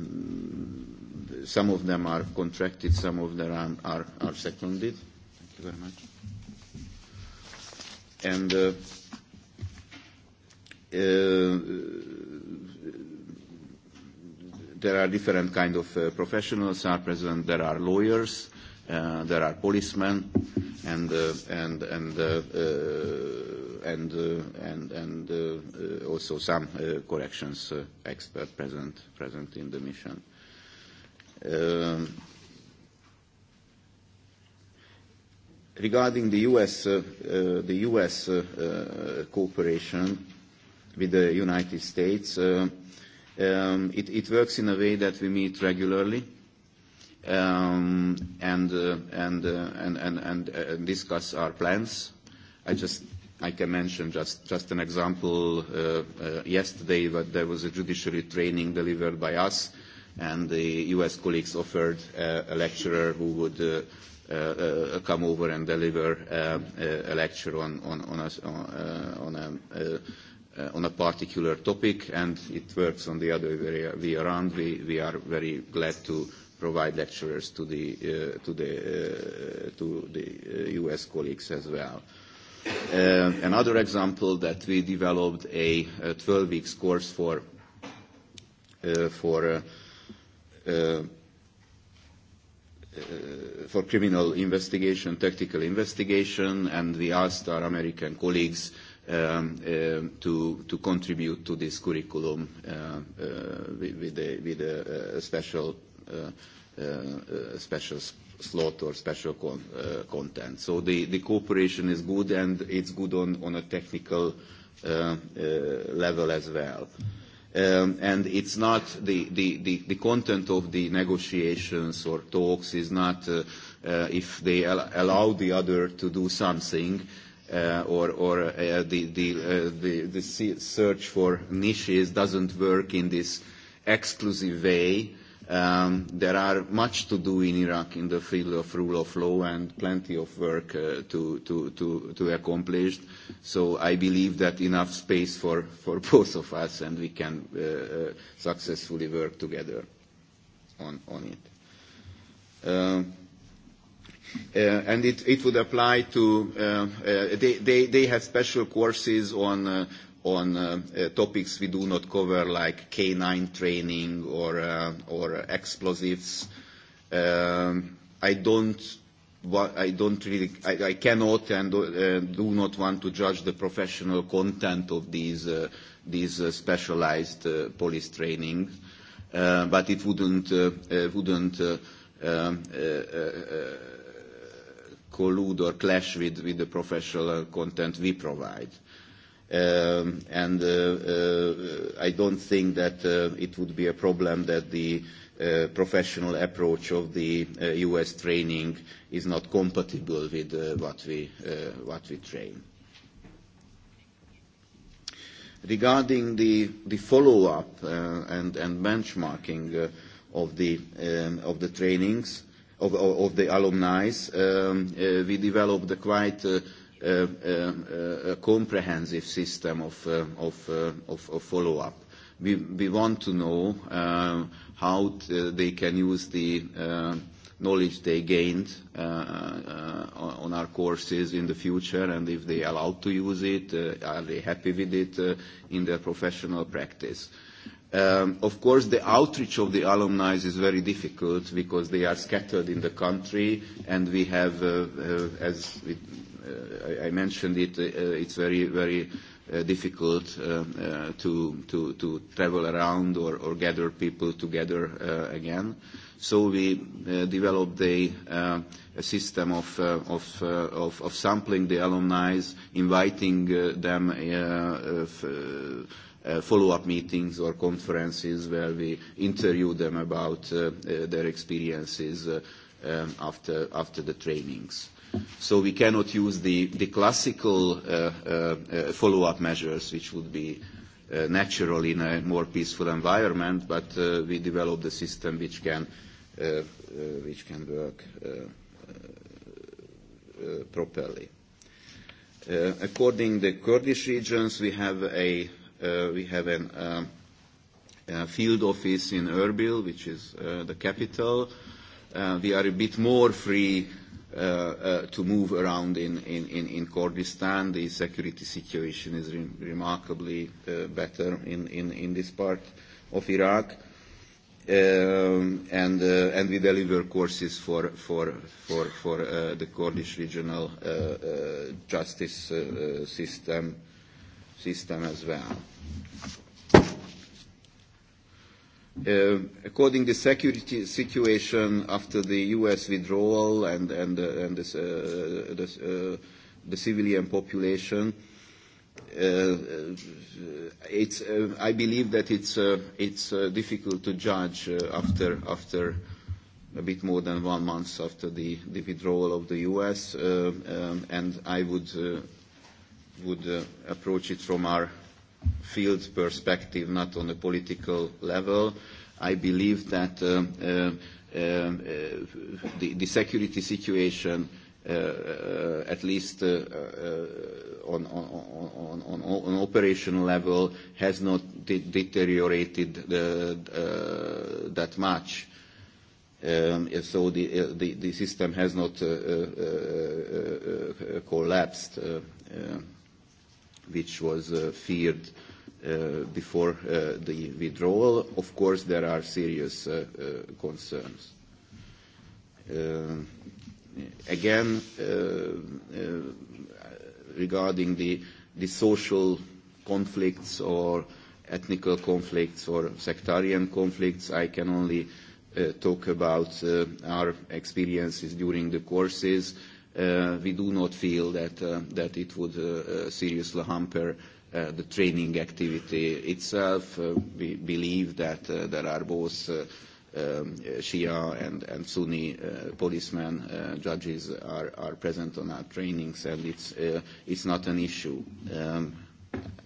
some of them are contracted, some of them are, are, are seconded. Thank you very much. And uh, uh, there are different kind of uh, professionals are present. There are lawyers, uh, there are policemen, and uh, and and uh, uh, and uh, and and uh, uh, also some uh, corrections uh, expert present present in the mission. Um, Regarding the U.S. Uh, uh, the US uh, uh, cooperation with the United States, uh, um, it, it works in a way that we meet regularly um, and, uh, and, uh, and, and, and uh, discuss our plans. I just I can mention just, just an example. Uh, uh, yesterday, that there was a judiciary training delivered by us, and the U.S. colleagues offered uh, a lecturer who would uh, uh, uh, come over and deliver uh, uh a lecture on, on, on, a, on, uh, on a uh, uh, on a particular topic, and it works on the other way around. We, we are very glad to provide lecturers to the, uh, to the, uh, to the uh, US colleagues as well. Uh, another example that we developed a, a 12 weeks course for, uh, for uh, uh, uh, for criminal investigation, tactical investigation, and we asked our American colleagues um, uh, to, to contribute to this curriculum uh, uh, with, with, a, with a, a special, uh, uh, a special slot or special con uh, content. So the, the cooperation is good, and it's good on, on a technical uh, uh, level as well. Uh, um, and it's not the, the, the, the content of the negotiations or talks is not uh, uh, if they al- allow the other to do something uh, or, or uh, the, the, uh, the, the search for niches doesn't work in this exclusive way uh, Um, there are much to do in Iraq in the field of rule of law and plenty of work uh, to, to, to, to accomplish. So I believe that enough space for, for both of us and we can uh, uh, successfully work together on, on it. Uh, uh, and it, it would apply to, uh, uh, they, they, they have special courses on uh, on uh, uh, topics we do not cover, like canine training or, uh, or explosives. Um, I don't what I don't really, I, I cannot and uh, do not want to judge the professional content of these, uh, these uh, specialized uh, police training, uh, but it wouldn't, uh, uh, wouldn't uh, um, uh, uh, uh collude or clash with, with the professional content we provide. Uh, Um, and uh, uh, I don't think that uh, it would be a problem that the uh, professional approach of the uh, US training is not compatible with uh, what, we, uh, what we train. Regarding the, the follow-up uh, and, and benchmarking uh, of, the, um, of the trainings, of, of, of the alumni, um, uh, we developed a quite uh, uh, uh, comprehensive system of, uh, of, uh, of, of follow-up. We, we want to know uh, how t- uh, they can use the uh, knowledge they gained uh, uh, on our courses in the future, and if they allowed to use it, uh, are they happy with it uh, in their professional practice. Um, of course, the outreach of the alumni is very difficult because they are scattered in the country, and we have, uh, uh, as it Uh, I, I mentioned it, uh, it's very, very uh, difficult to, to, to travel around or, or gather people together again. So we developed a, a system of, of, of, of sampling the alumni, inviting them f, Uh, follow-up meetings or conferences where we interview them about uh, uh, their experiences um, after, after the trainings. So we cannot use the, the classical uh, uh, uh, follow-up measures, which would be uh, natural in a more peaceful environment, but uh, we developed a system which can, uh, uh, which can work uh, uh, uh properly. Uh, according to the Kurdish regions, we have, a, uh, we have an, uh, a field office in Erbil, which is uh, the capital. Uh, we are a bit more free uh, uh, uh, to move around in, in, in, in Kurdistan. The security situation is re- remarkably uh, better in, in, in this part of Iraq. Um, and, uh, and we deliver courses for, for, for, for uh, the Kurdish regional uh, uh, justice uh, uh system, system as well. Uh, according to the security situation after the U.S. withdrawal and, and, uh, and this, uh, this, uh, the civilian population, uh, it's, uh, I believe that it's, uh, it's uh, difficult to judge uh, after, after a bit more than one month after the, the withdrawal of the U.S., uh, um, and I would, uh, would uh, approach it from our field perspective, not on a political level. I believe that uh, uh, uh, the, the security situation Uh, uh at least uh, uh, on, on, on, on operational level, has not de deteriorated the, uh, that much. Um, so the, uh, the, the system has not collapsed which was uh, feared uh, before uh, the withdrawal. Of course, there are serious uh, uh, concerns. Uh, again, uh, uh, regarding the, the social conflicts or ethnical conflicts or sectarian conflicts, I can only uh, talk about uh, our experiences during the courses. Uh, uh, we do not feel that, uh, that it would uh, uh, seriously hamper uh, the training activity itself. Uh, we believe that uh, there are both uh, um, Shia and, and Sunni uh, policemen, uh, judges are, are present on our trainings, and it's, uh, it's not an issue. Um,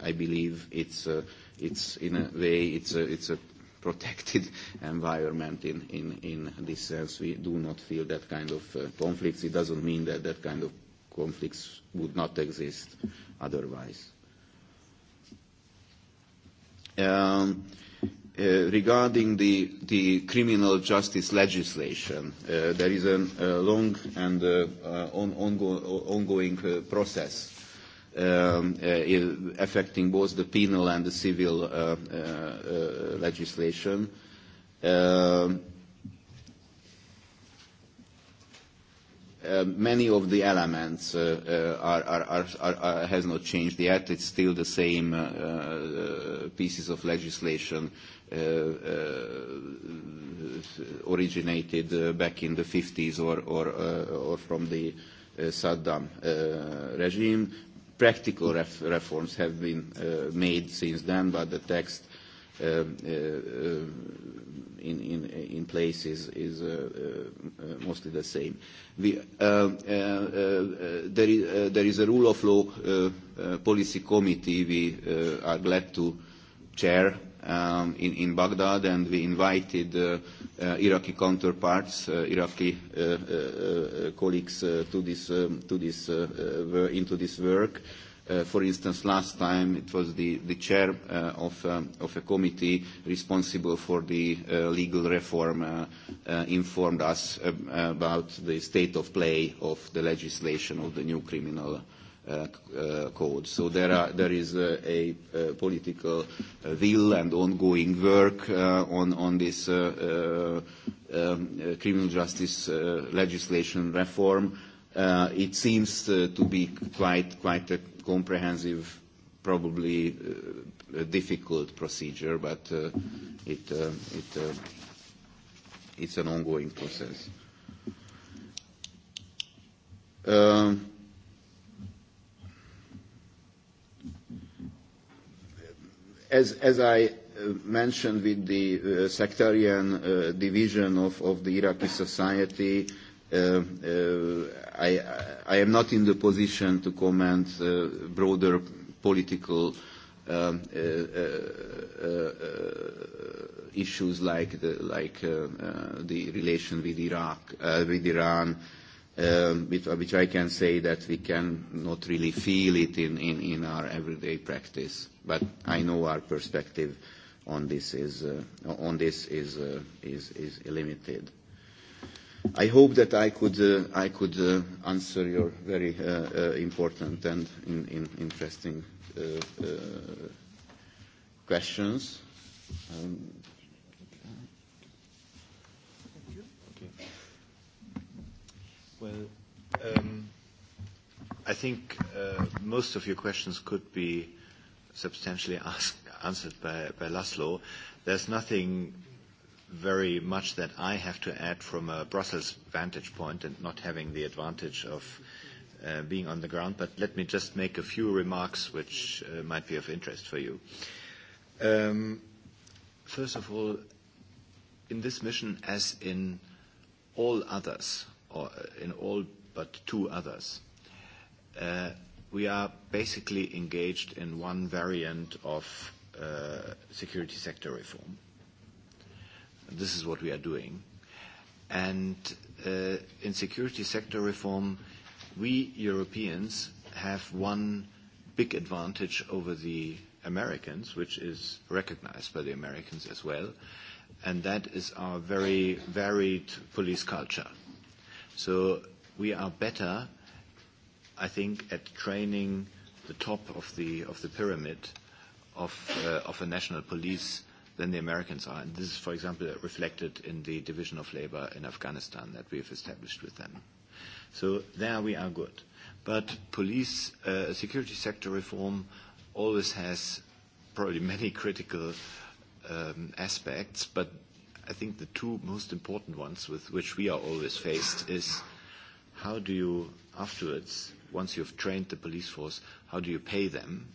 I believe it's, uh, it's in a way, it's a, it's a protected environment in, in, in this sense. We do not feel that kind of uh, conflicts. It doesn't mean that that kind of conflicts would not exist otherwise. Um, uh, regarding the, the criminal justice legislation, uh, there is a uh, long and uh, uh, on, ongo- ongoing uh, process um, uh, affecting both the penal and the civil uh, uh, uh, legislation. Uh, Uh, many of the elements uh, uh, are, are, are, are, has not changed yet. It's still the same uh, uh pieces of legislation uh, uh, originated uh, back in the 50s or, or, uh, or from the uh, Saddam uh, regime practical ref reforms have been uh, made since then, but the text uh, uh, in, in, in place is, is uh, uh, uh, mostly the same. The, uh, uh, uh, there, is, uh, there is a rule of law uh, uh, policy committee we uh, are glad to chair um, in, in Baghdad, and we invited uh, uh, Iraqi counterparts, uh, Iraqi uh, uh, uh colleagues uh, to this, um, to this, uh, uh, into this work. Uh, for instance, last time it was the, the chair uh, of, um, of a committee responsible for the uh, legal reform uh, uh, informed us ab- uh, about the state of play of the legislation of the new criminal uh, uh, uh, code. So there, are, there is uh, a, a political uh, will and ongoing work uh, on, on this uh, uh, um, uh, criminal justice uh, legislation reform. Uh, it seems uh, to be quite, quite a comprehensive, probably uh, a difficult procedure, but uh, it, uh, it, uh, it's an ongoing process. Um, As, as I uh, mentioned with the uh, sectarian uh, division of, of the Iraqi society, uh, uh, I, I am not in the position to comment uh, broader political uh, uh, uh, uh, issues like the, like uh, uh, the relation with Iraq, uh, with Iran, uh, um, which, uh, which I can say that we can not really feel it in, in, in our everyday practice. But I know our perspective on this is, uh, on this is, uh, is, is limited. I hope that I could, uh, I could uh, answer your very uh, uh, important and in, in interesting uh, uh, questions. Um, Well, um, I think uh, most of your questions could be substantially asked, answered by, by Laszlo. There's nothing very much that I have to add from a Brussels vantage point and not having the advantage of uh, being on the ground, but let me just make a few remarks which uh, might be of interest for you. Um, first of all, in this mission, as in all others, or uh, in all but two others. Uh, we are basically engaged in one variant of uh, security sector reform. This is what we are doing. And uh, in security sector reform, we Europeans have one big advantage over the Americans, which is recognized by the Americans as well, and that is our very varied police culture. So we are better, I think, at training the top of the, of the pyramid of, uh, of a national police than the Americans are. And this is, for example, reflected in the division of labor in Afghanistan that we have established with them. So there we are good. But police uh, security sector reform always has probably many critical um, aspects, but I think the two most important ones with which we are always faced is how do you afterwards, once you've trained the police force, how do you pay them?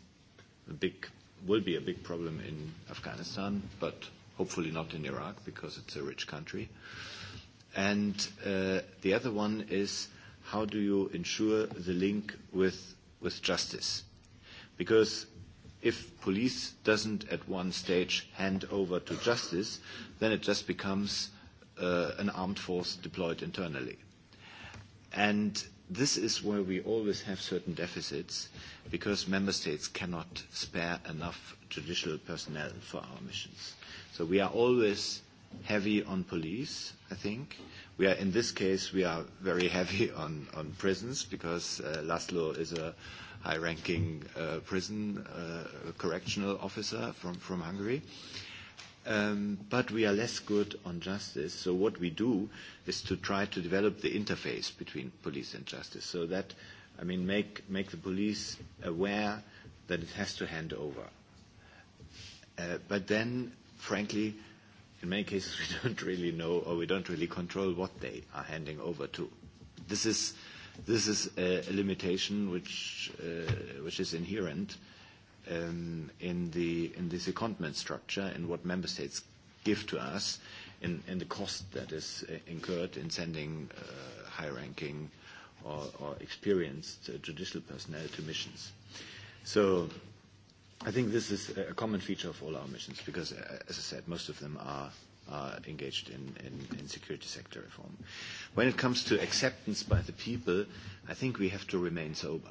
A big will be a big problem in Afghanistan, but hopefully not in Iraq because it's a rich country. And uh, the other one is how do you ensure the link with with justice? Because if police doesn't at one stage hand over to justice, then it just becomes uh, an armed force deployed internally. And this is where we always have certain deficits because member states cannot spare enough judicial personnel for our missions. So we are always heavy on police, I think. We are, in this case, we are very heavy on, on prisons because uh, Laszlo is a high-ranking uh, prison uh, correctional officer from, from Hungary. Um, but we are less good on justice, so what we do is to try to develop the interface between police and justice so that, I mean, make, make the police aware that it has to hand over. Uh, but then, frankly, in many cases we don't really know or we don't really control what they are handing over to. This is This is a limitation which, uh, which is inherent um, in, the, in the secondment structure and what member states give to us in, in the cost that is uh, incurred in sending uh, high-ranking or, or experienced uh, judicial personnel to missions. So I think this is a common feature of all our missions because, uh, as I said, most of them are uh, engaged in, in, in security sector reform. When it comes to acceptance by the people, I think we have to remain sober.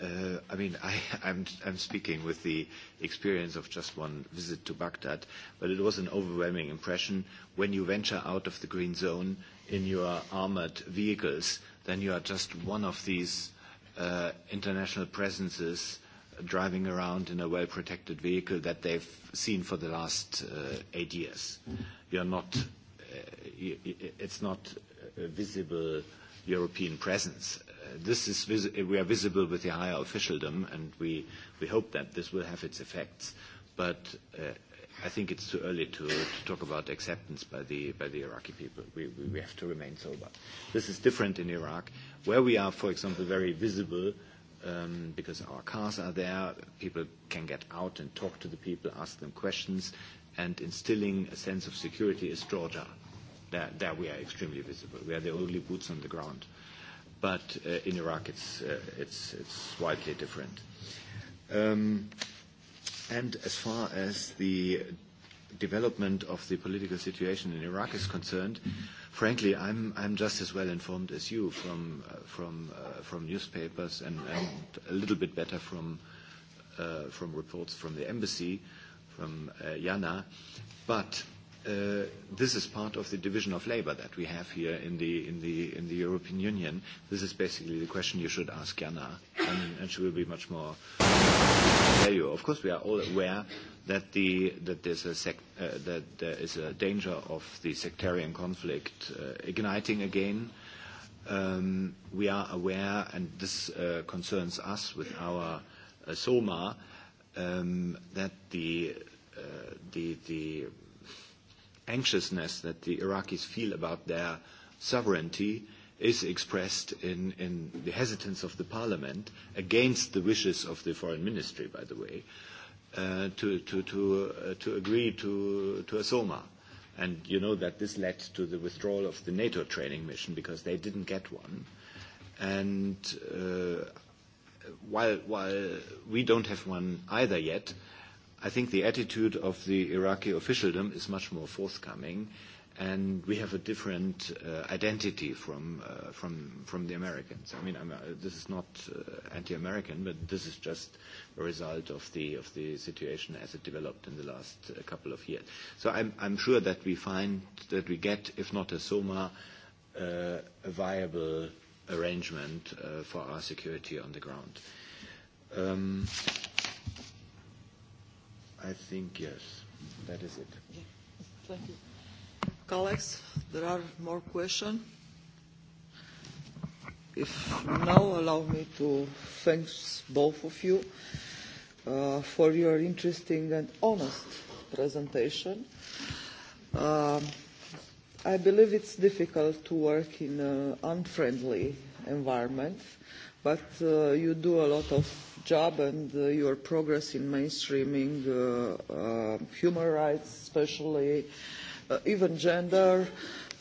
Uh, I mean, I, I'm, I'm speaking with the experience of just one visit to Baghdad, but it was an overwhelming impression. When you venture out of the green zone in your armored vehicles, then you are just one of these uh, international presences driving around in a well-protected vehicle that they've seen for the last uh, eight years. You're not, uh, you, it's not a visible European presence. Uh, this is vis- we are visible with the higher officialdom, and we, we hope that this will have its effects. But uh, I think it's too early to, to talk about acceptance by the, by the Iraqi people. We, we, we have to remain sober. This is different in Iraq, where we are, for example, very visible uh, um, because our cars are there. People can get out and talk to the people, ask them questions, and instilling a sense of security is Georgia. There, there we are extremely visible. We are the only boots on the ground. But uh, in Iraq, it's, uh, it's, it's widely different. Um, and as far as the development of the political situation in Iraq is concerned, mm-hmm frankly, I'm, I'm just as well informed as you from, uh, from, uh, from newspapers and, and a little bit better from, uh, from reports from the embassy, from uh, Jana. But uh, this is part of the division of labor that we have here in the, in the, in the European Union. This is basically the question you should ask Jana, and, and she will be much more, more likely to tell you. Of course, we are all aware that, the, that, there's a sec, uh, that there is a danger of the sectarian conflict uh, igniting again. Um, we are aware, and this uh, concerns us with our uh, SOMA, um, that the, uh, the, the anxiousness that the Iraqis feel about their sovereignty is expressed in, in the hesitance of the parliament against the wishes of the foreign ministry, by the way, uh, to, to, to, uh, to agree to, to a SOMA. And you know that this led to the withdrawal of the NATO training mission because they didn't get one. And uh, while, while we don't have one either yet, uh, I think the attitude of the Iraqi officialdom is much more forthcoming, and we have a different uh, identity from uh, from from the Americans. I mean, I'm, uh, this is not uh, anti-American, but this is just a result of the of the situation as it developed in the last uh, couple of years. So I'm I'm sure that we find that we get, if not a SOMA, uh, a viable arrangement uh, for our security on the ground. Um, I think yes. That is it. Yeah. Thank you. Colleagues, there are more questions. If now, allow me to thank both of you uh, for your interesting and honest presentation. Uh, I believe it's difficult to work in an unfriendly environment, but uh, you do a lot of job and uh, your progress in mainstreaming uh, uh, human rights, especially uh, even gender,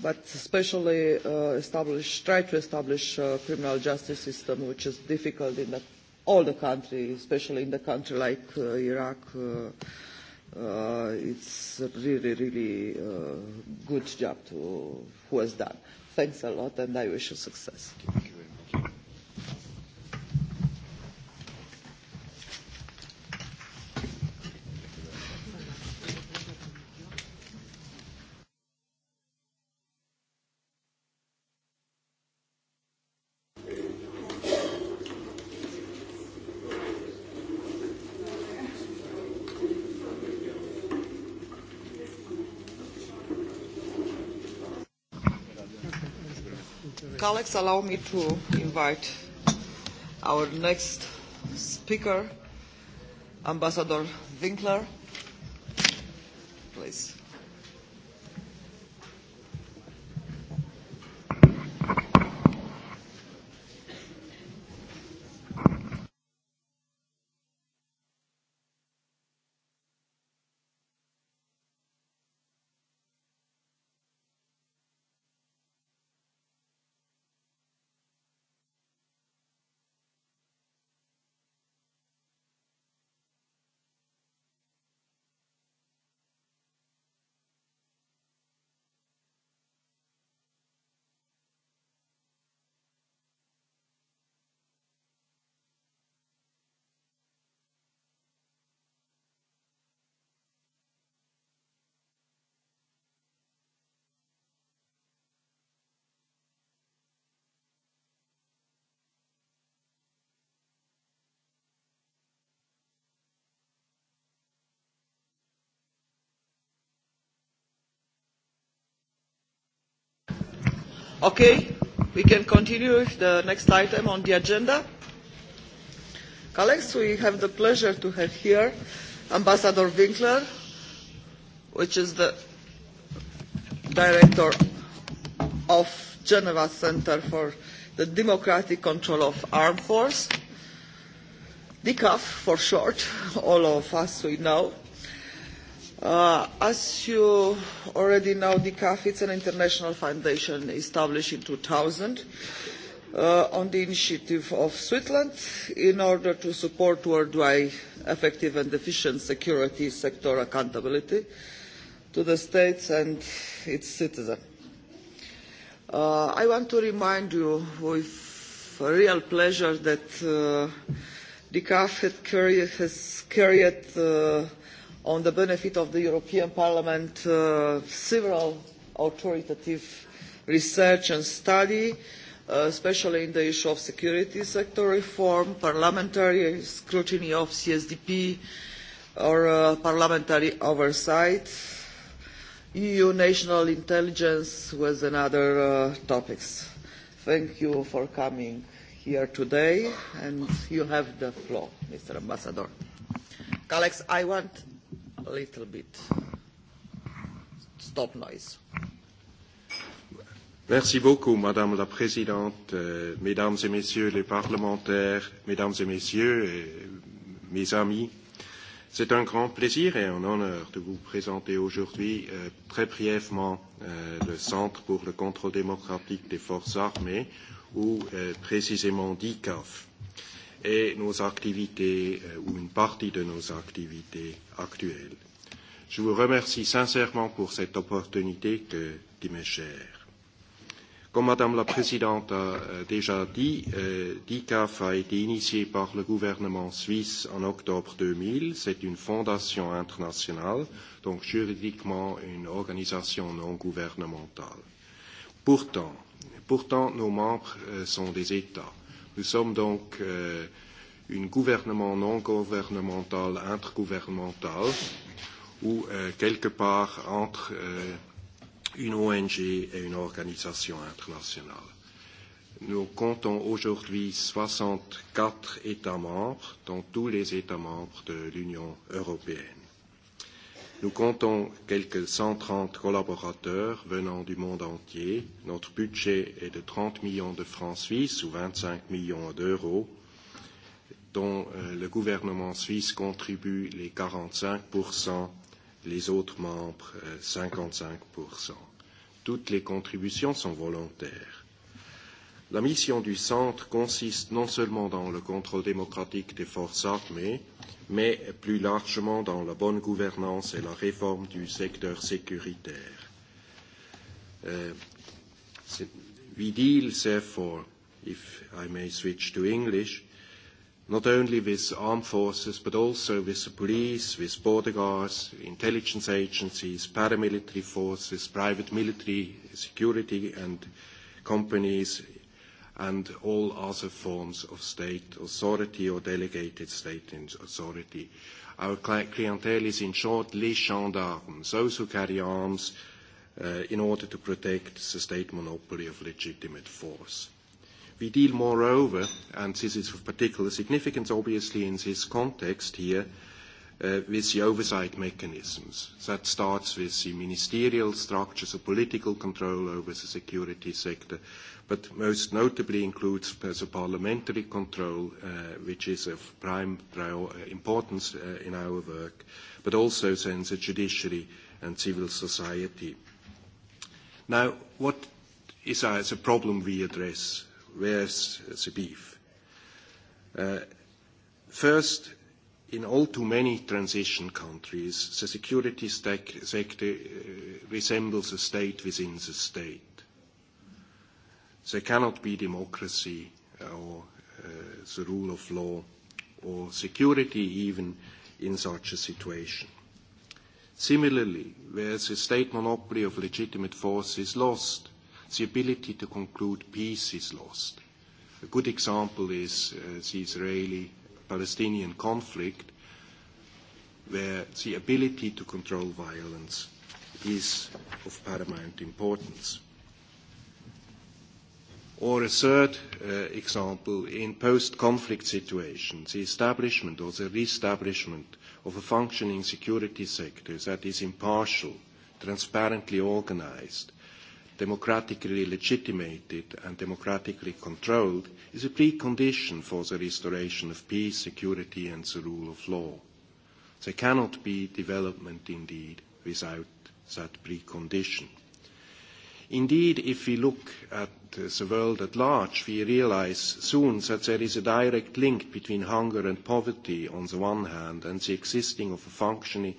but especially uh, establish, try to establish a criminal justice system, which is difficult in the, all the countries, especially in the country like uh, Iraq. Uh, uh, it's a really, really uh, good job to who has done. Thanks a lot, and I wish you success. Thank you. colleagues, allow me to invite our next speaker, Ambassador Winkler. Okay, we can continue with the next item on the agenda. Colleagues, we have the pleasure to have here Ambassador Winkler, which is the director of Geneva Center for the Democratic Control of Armed Force, DECAF for short, all of us we know. Uh, as you already know, DCAF is an international foundation established in 2000 uh, on the initiative of Switzerland in order to support worldwide effective and efficient security sector accountability to the states and its citizens. Uh, I want to remind you with real pleasure that uh, DCAF has carried, has carried uh, on the benefit of the European Parliament uh, several authoritative research and study, uh, especially in the issue of security sector reform, parliamentary scrutiny of CSDP or uh, parliamentary oversight, EU national intelligence was another uh, topics. Thank you for coming here today and you have the floor, Mr. Ambassador. Alex, I want a little bit stop noise. Merci beaucoup, Madame la Présidente, euh, Mesdames et Messieurs les parlementaires, Mesdames et Messieurs, et euh, mes amis. C'est un grand plaisir et un honneur de vous présenter aujourd'hui euh, très brièvement euh, le Centre pour le contrôle démocratique des forces armées, ou euh, précisément DICAF, et nos activités euh, ou une partie de nos activités actuelle. Je vous remercie sincèrement pour cette opportunité que, qui m'est chère. Comme Madame la Présidente a euh, déjà dit, euh, DICAF a été initié par le gouvernement suisse en octobre 2000. C'est une fondation internationale, donc juridiquement une organisation non gouvernementale. Pourtant, pourtant nos membres euh, sont des États. Nous sommes donc euh, une gouvernement non gouvernemental intergouvernemental ou euh, quelque part entre euh, une ONG et une organisation internationale. Nous comptons aujourd'hui 64 États membres, dont tous les États membres de l'Union européenne. Nous comptons quelques 130 collaborateurs venant du monde entier. Notre budget est de 30 millions de francs suisses ou 25 millions d'euros. Euh, dont euh, le gouvernement suisse contribue les 45%, les autres membres euh, 55%. Toutes les contributions sont volontaires. La mission du centre consiste non seulement dans le contrôle démocratique des forces armées, mais plus largement dans la bonne gouvernance et la réforme du secteur sécuritaire. Uh, we deal, therefore, if I may switch to English, not only with armed forces, but also with the police, with border guards, intelligence agencies, paramilitary forces, private military security and companies, and all other forms of state authority or delegated state authority. Our clientele is, in short, les gendarmes, those who carry arms uh, in order to protect the state monopoly of legitimate force. We deal, moreover, and this is of particular significance, obviously, in this context here, uh, with the oversight mechanisms. That starts with the ministerial structures of political control over the security sector, but most notably includes uh, the parliamentary control, uh, which is of prime uh, importance uh, in our work, but also then the judiciary and civil society. Now, what is uh, the problem we address? where's the beef? Uh, first, in all too many transition countries, the security stack, sector uh, resembles a state within the state. There cannot be democracy uh, or uh, the rule of law or security even in such a situation. Similarly, where the state monopoly of legitimate force is lost, the ability to conclude peace is lost. A good example is uh, the Israeli-Palestinian conflict, where the ability to control violence is of paramount importance. Or a third uh, example, in post-conflict situations, the establishment or the re-establishment of a functioning security sector that is impartial, transparently organized, democratically legitimated and democratically controlled, is a precondition for the restoration of peace, security and the rule of law. There cannot be development indeed without that precondition. Indeed, if we look at the world at large, we realize soon that there is a direct link between hunger and poverty on the one hand and the existing of a functioning,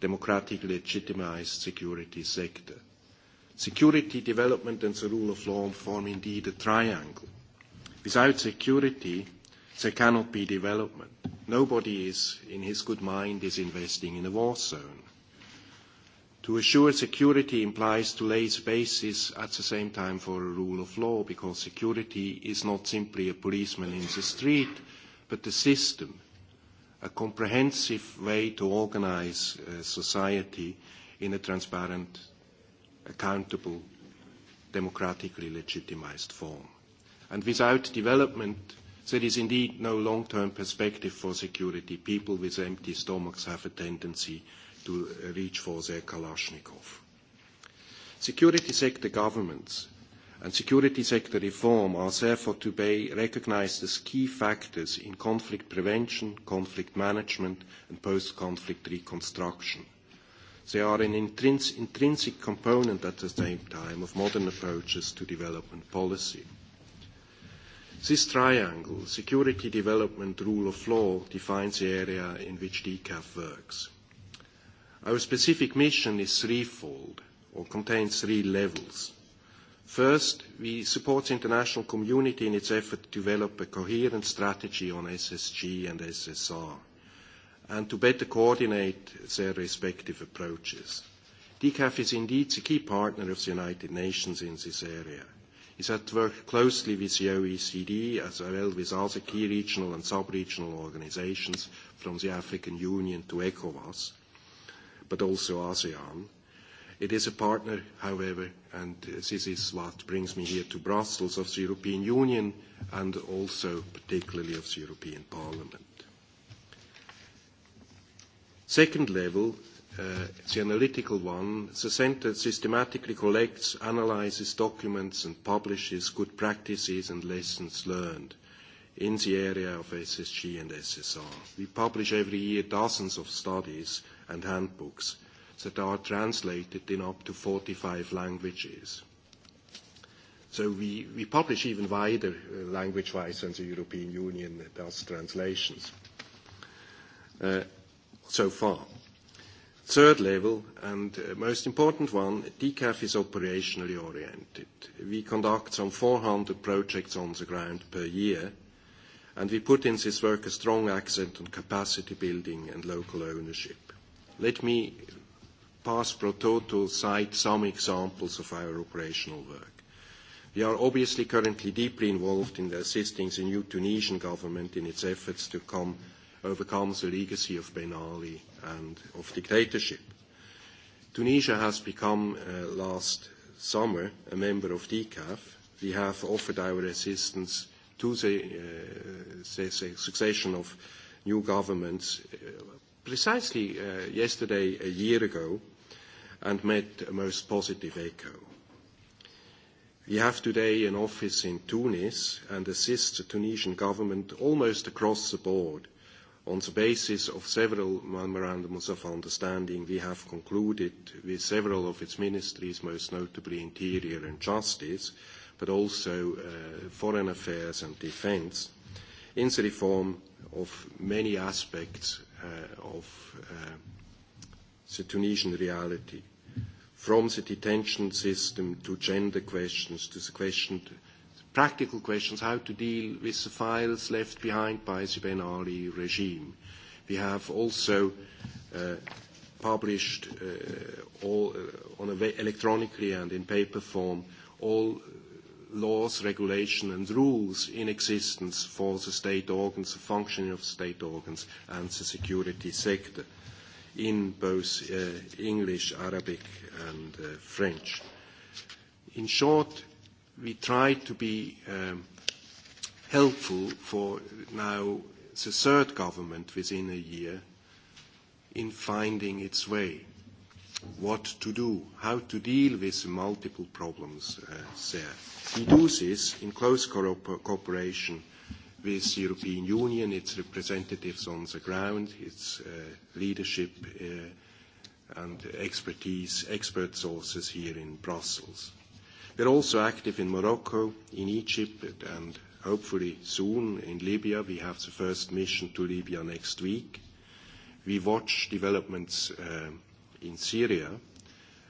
democratically legitimized security sector. Security, development and the rule of law form indeed a triangle. Without security, there cannot be development. Nobody is, in his good mind, is investing in a war zone. To assure security implies to lay the basis at the same time for a rule of law, because security is not simply a policeman in the street, but a system, a comprehensive way to organize uh, society in a transparent accountable, democratically legitimized form. And without development, there is indeed no long-term perspective for security. People with empty stomachs have a tendency to uh, reach for their Kalashnikov. Security sector governments and security sector reform are therefore today recognized as key factors in conflict prevention, conflict management, and post-conflict reconstruction. They are an intrins- intrinsic component at the same time of modern approaches to development policy. This triangle, security, development, rule of law, defines the area in which DCAF works. Our specific mission is threefold, or contains three levels. First, we support the international community in its effort to develop a coherent strategy on SSG and SSR and to better coordinate their respective approaches. DCAF is indeed the key partner of the United Nations in this area. It has worked closely with the OECD as well with other key regional and sub-regional organizations from the African Union to ECOWAS, but also ASEAN. It is a partner, however, and this is what brings me here to Brussels, of the European Union and also particularly of the European Parliament. Second level, uh, the analytical one, the center systematically collects, analyzes documents and publishes good practices and lessons learned in the area of SSG and SSR. We publish every year dozens of studies and handbooks that are translated in up to 45 languages. So we, we publish even wider uh, language-wise than the European Union does translations. Uh, so far. Third level, and uh, most important one, DCAF is operationally oriented. We conduct some 400 projects on the ground per year, and we put in this work a strong accent on capacity building and local ownership. Let me pass pro toto cite some examples of our operational work. We are obviously currently deeply involved in assisting the new Tunisian government in its efforts to come overcomes the legacy of Ben Ali and of dictatorship. Tunisia has become uh, last summer a member of DCAF. We have offered our assistance to the, uh, the succession of new governments uh, precisely uh, yesterday, a year ago, and met a most positive echo. We have today an office in Tunis and assist the Tunisian government almost across the board On the basis of several memorandums of understanding, we have concluded with several of its ministries, most notably Interior and Justice, but also uh, Foreign Affairs and Defence, in the reform of many aspects uh, of uh, the Tunisian reality, from the detention system to gender questions to the question to practical questions, how to deal with the files left behind by the Ben Ali regime. We have also uh, published uh, all, uh, on a way electronically and in paper form all laws, regulation and rules in existence for the state organs, the functioning of state organs and the security sector in both uh, English, Arabic and uh, French. In short, we try to be um, helpful for now the third government within a year in finding its way, what to do, how to deal with the multiple problems uh, there. We do this in close co- cooperation with the European Union, its representatives on the ground, its uh, leadership uh, and expertise, expert sources here in Brussels. We're also active in Morocco, in Egypt, and hopefully soon in Libya. We have the first mission to Libya next week. We watch developments uh, in Syria,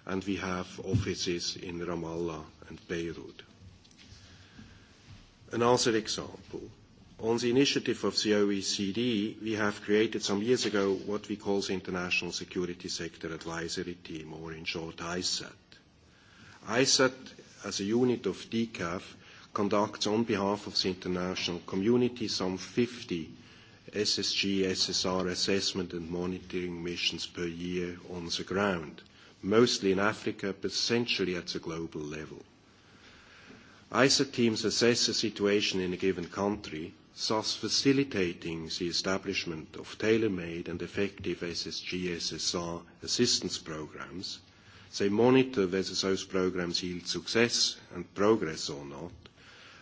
and we have offices in Ramallah and Beirut. Another example, on the initiative of the OECD, we have created some years ago what we call the International Security Sector Advisory Team, or in short, ISAT. ISAT as a unit of DCAF, conducts on behalf of the international community some 50 SSG, SSR assessment and monitoring missions per year on the ground, mostly in Africa, but essentially at the global level. ISA teams assess the situation in a given country, thus facilitating the establishment of tailor-made and effective SSG, SSR assistance programs – They monitor whether those programs yield success and progress or not,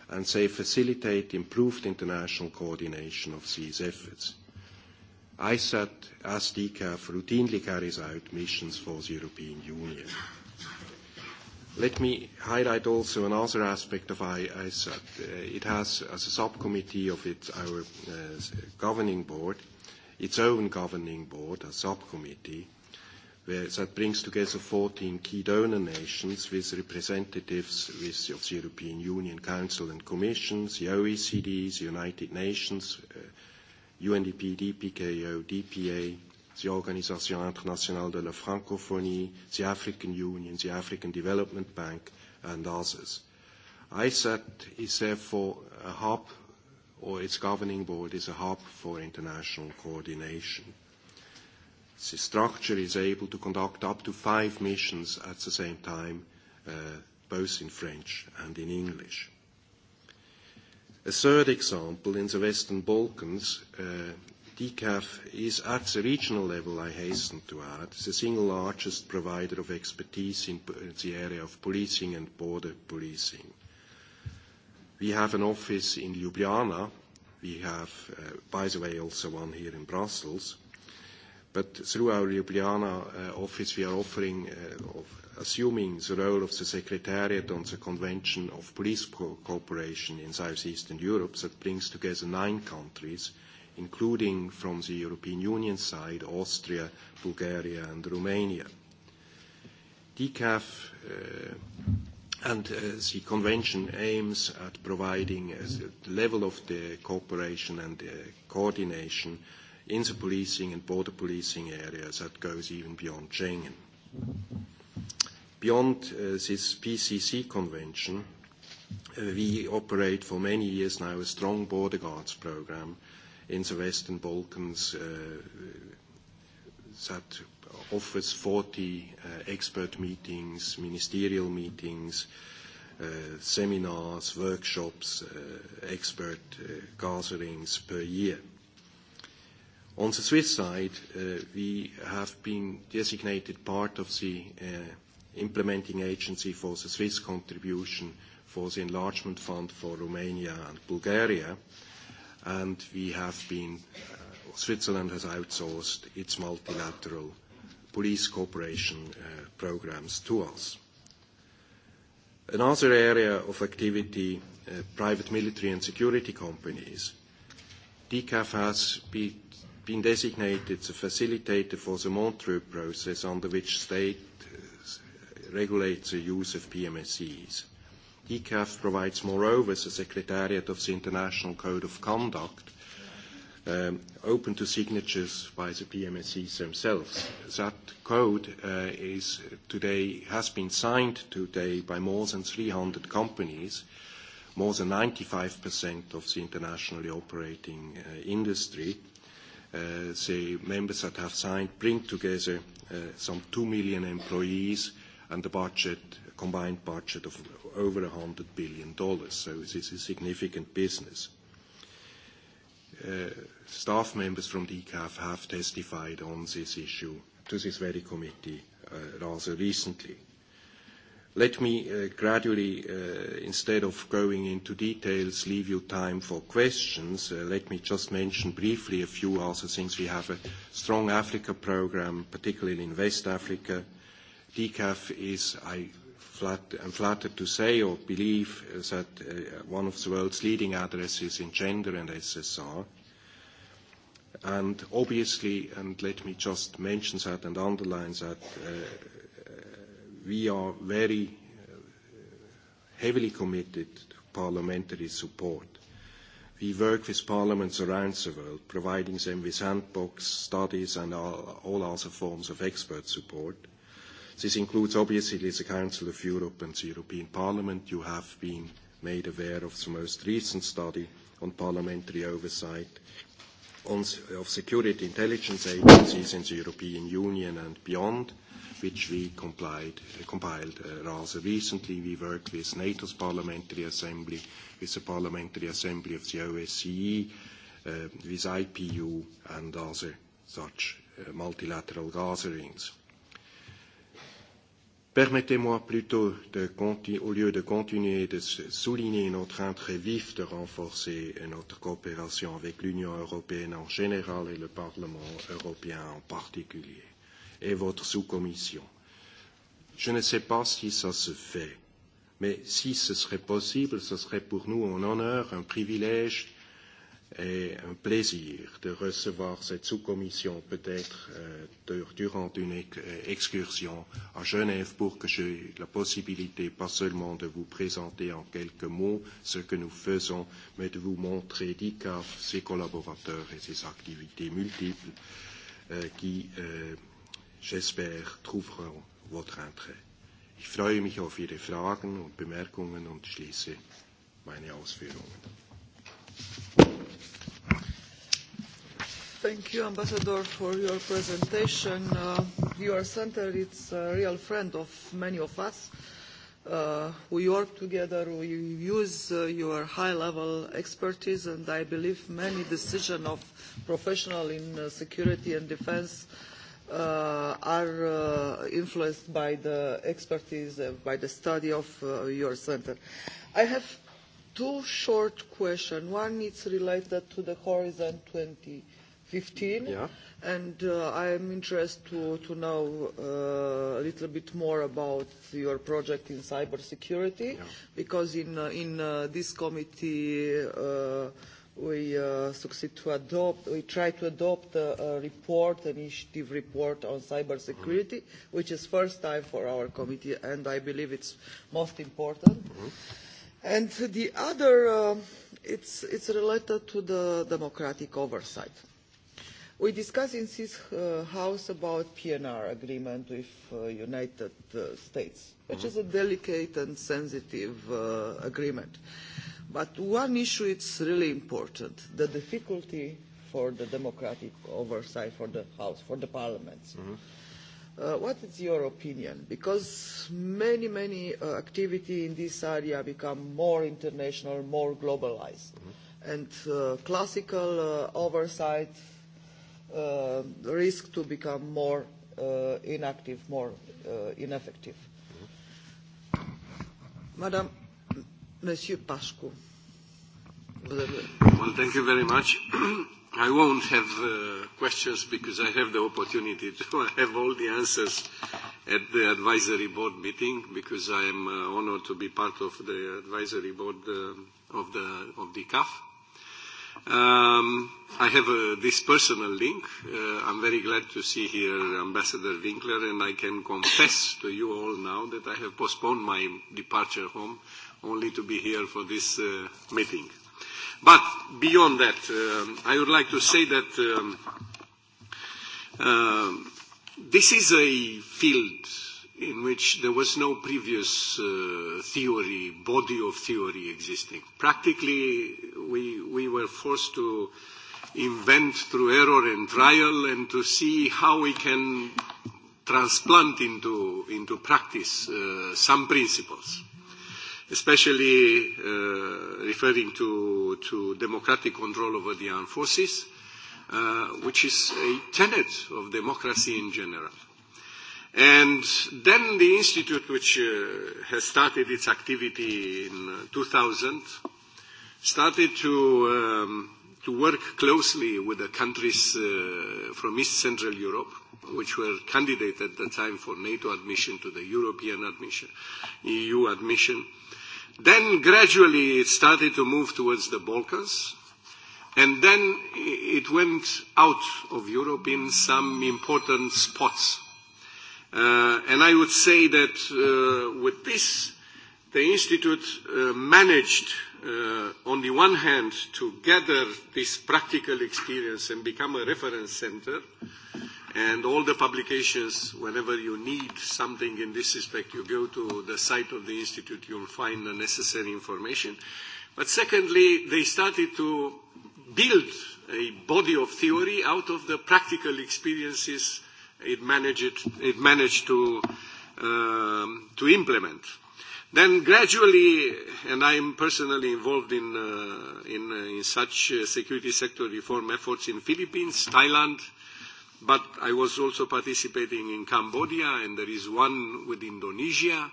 and they facilitate improved international coordination of these efforts. ISAT, as DCAF, routinely carries out missions for the European Union. Let me highlight also another aspect of ISAT. Uh, it has, as a subcommittee of its, our uh, governing board, its own governing board, a subcommittee, where that brings together 14 key donor nations with representatives with, of the European Union Council and Commission, the OECD, the United Nations, uh, UNDP, DPKO, DPA, the Organisation Internationale de la Francophonie, the African Union, the African Development Bank, and others. ISAT is therefore a hub, or its governing board is a hub for international coordination the structure is able to conduct up to five missions at the same time, uh, both in French and in English. A third example, in the Western Balkans, uh, DCAF is at the regional level, I hasten to add, the single largest provider of expertise in the area of policing and border policing. We have an office in Ljubljana. We have, uh, by the way, also one here in Brussels. But through our Ljubljana uh, office, we are offering, uh, of assuming the role of the Secretariat on the Convention of Police Co- Cooperation in Southeastern Europe that brings together nine countries, including from the European Union side, Austria, Bulgaria, and Romania. DCAF uh, And uh, the convention aims at providing a uh, level of the cooperation and uh, coordination in the policing and border policing areas that goes even beyond Schengen. Beyond uh, this PCC convention, uh, we operate for many years now a strong border guards program in the Western Balkans uh, that offers 40 uh, expert meetings, ministerial meetings, uh, seminars, workshops, uh, expert uh, gatherings per year. On the Swiss side, uh, we have been designated part of the uh, implementing agency for the Swiss contribution for the enlargement fund for Romania and Bulgaria, and we have been, uh, Switzerland has outsourced its multilateral police cooperation uh, programs to us. Another area of activity, uh, private military and security companies. DCAF has been been designated the facilitator for the Montreux process under which state uh, regulates the use of PMSEs. ECAF provides moreover the Secretariat of the International Code of Conduct um, open to signatures by the PMSEs themselves. That code uh, is today, has been signed today by more than 300 companies, more than 95% of the internationally operating uh, industry. Uh, uh, the members that have signed bring together uh, some 2 million employees and a budget, a combined budget of over $100 billion. So this is significant business. Uh, staff members from DCAF have testified on this issue to this very committee uh, rather recently. Uh, Let me uh, gradually, uh, instead of going into details, leave you time for questions. Uh, let me just mention briefly a few also things. We have a strong Africa program, particularly in West Africa. DCAF is, I flat, I'm flattered to say or believe, is uh, that uh, one of the world's leading addresses in gender and SSR. And obviously, and let me just mention that and underline that, uh, we are very uh, heavily committed to parliamentary support. We work with parliaments around the world, providing them with handbooks, studies, and all, all other forms of expert support. This includes, obviously, the Council of Europe and the European Parliament. You have been made aware of the most recent study on parliamentary oversight on, of security intelligence agencies in the European Union and beyond which we complied, uh, compiled uh, rather recently. We worked with NATO's Parliamentary Assembly, with the Parliamentary Assembly of the OSCE, uh, with IPU and other such uh, multilateral gatherings. Permettez-moi plutôt, de au lieu de continuer de souligner notre intérêt vif de renforcer notre coopération avec l'Union européenne en général et le Parlement européen en particulier, et votre sous-commission. Je ne sais pas si ça se fait, mais si ce serait possible, ce serait pour nous un honneur, un privilège et un plaisir de recevoir cette sous-commission peut-être euh, de, durant une euh, excursion à Genève pour que j'ai la possibilité pas seulement de vous présenter en quelques mots ce que nous faisons, mais de vous montrer DICAF, ses collaborateurs et ses activités multiples euh, qui euh, j'espère, trouveront votre Entrée. Ich freue mich auf Ihre Fragen und Bemerkungen und schließe meine Ausführungen. Thank you, Ambassador, for your presentation. Uh, your center is a real friend of many of us. Uh, we work together, we use uh, your high-level expertise, and I believe many decisions of professionals in uh, security and defense uh, uh, are uh, influenced by the expertise, uh, by the study of uh, your center. I have two short questions. One is related to the Horizon 2015. Yeah. And uh, I am interested to, to know uh, a little bit more about your project in cybersecurity, yeah. because in, uh, in uh, this committee, uh, we uh, succeed to adopt, we try to adopt a, a report, an initiative report on cybersecurity, mm-hmm. which is first time for our committee, and I believe it's most important. Mm-hmm. And the other, uh, it's, it's related to the democratic oversight. We discussed in this uh, House about PNR agreement with uh, United uh, States, which mm-hmm. is a delicate and sensitive uh, agreement. Uh, But one issue is really important, the difficulty for the democratic oversight for the House, for the parliaments. Mm-hmm. Uh, what is your opinion? Because many, many uh, activity in this area become more international, more globalized. Mm-hmm. And uh, classical uh, oversight uh, risk to become more uh, inactive, more uh, ineffective. Mm-hmm. Madam, Monsieur Pascu. Well, thank you very much. I won't have uh, questions because I have the opportunity to have all the answers at the advisory board meeting because I am uh, honored to be part of the advisory board uh, of the of the CAF. Um, I have uh, this personal link. Uh, I'm very glad to see here Ambassador Winkler, and I can confess to you all now that I have postponed my departure home uh, only to be here for this uh, meeting. But beyond that, um, I would like to say that um, uh, this is a field in which there was no previous uh, theory, body of theory existing. Practically, we, we were forced to invent through error and trial and to see how we can transplant into, into practice uh, some principles especially uh, referring to, to democratic control over the armed forces, uh, which is a tenet of democracy in general. And then the institute, which uh, has started its activity in 2000, uh, started to, um, to work closely with the countries uh, from East Central Europe, which were candidates at the time for NATO admission to the European admission, EU admission. Uh, Then gradually it started to move towards the Balkans, and then it went out of Europe in some important spots. Uh, and I would say that uh, with this, the Institute uh, managed, uh, on the one hand, to gather this practical experience and become a reference center, And all the publications, whenever you need something in this respect, you go to the site of the Institute, you'll find the necessary information. But secondly, they started to build a body of theory out of the practical experiences it managed, it managed to, um, to implement. Then gradually, and I am personally involved in, uh, in, uh, in such uh, security sector reform efforts in Philippines, Thailand, uh, But I was also participating in Cambodia, and there is one with Indonesia.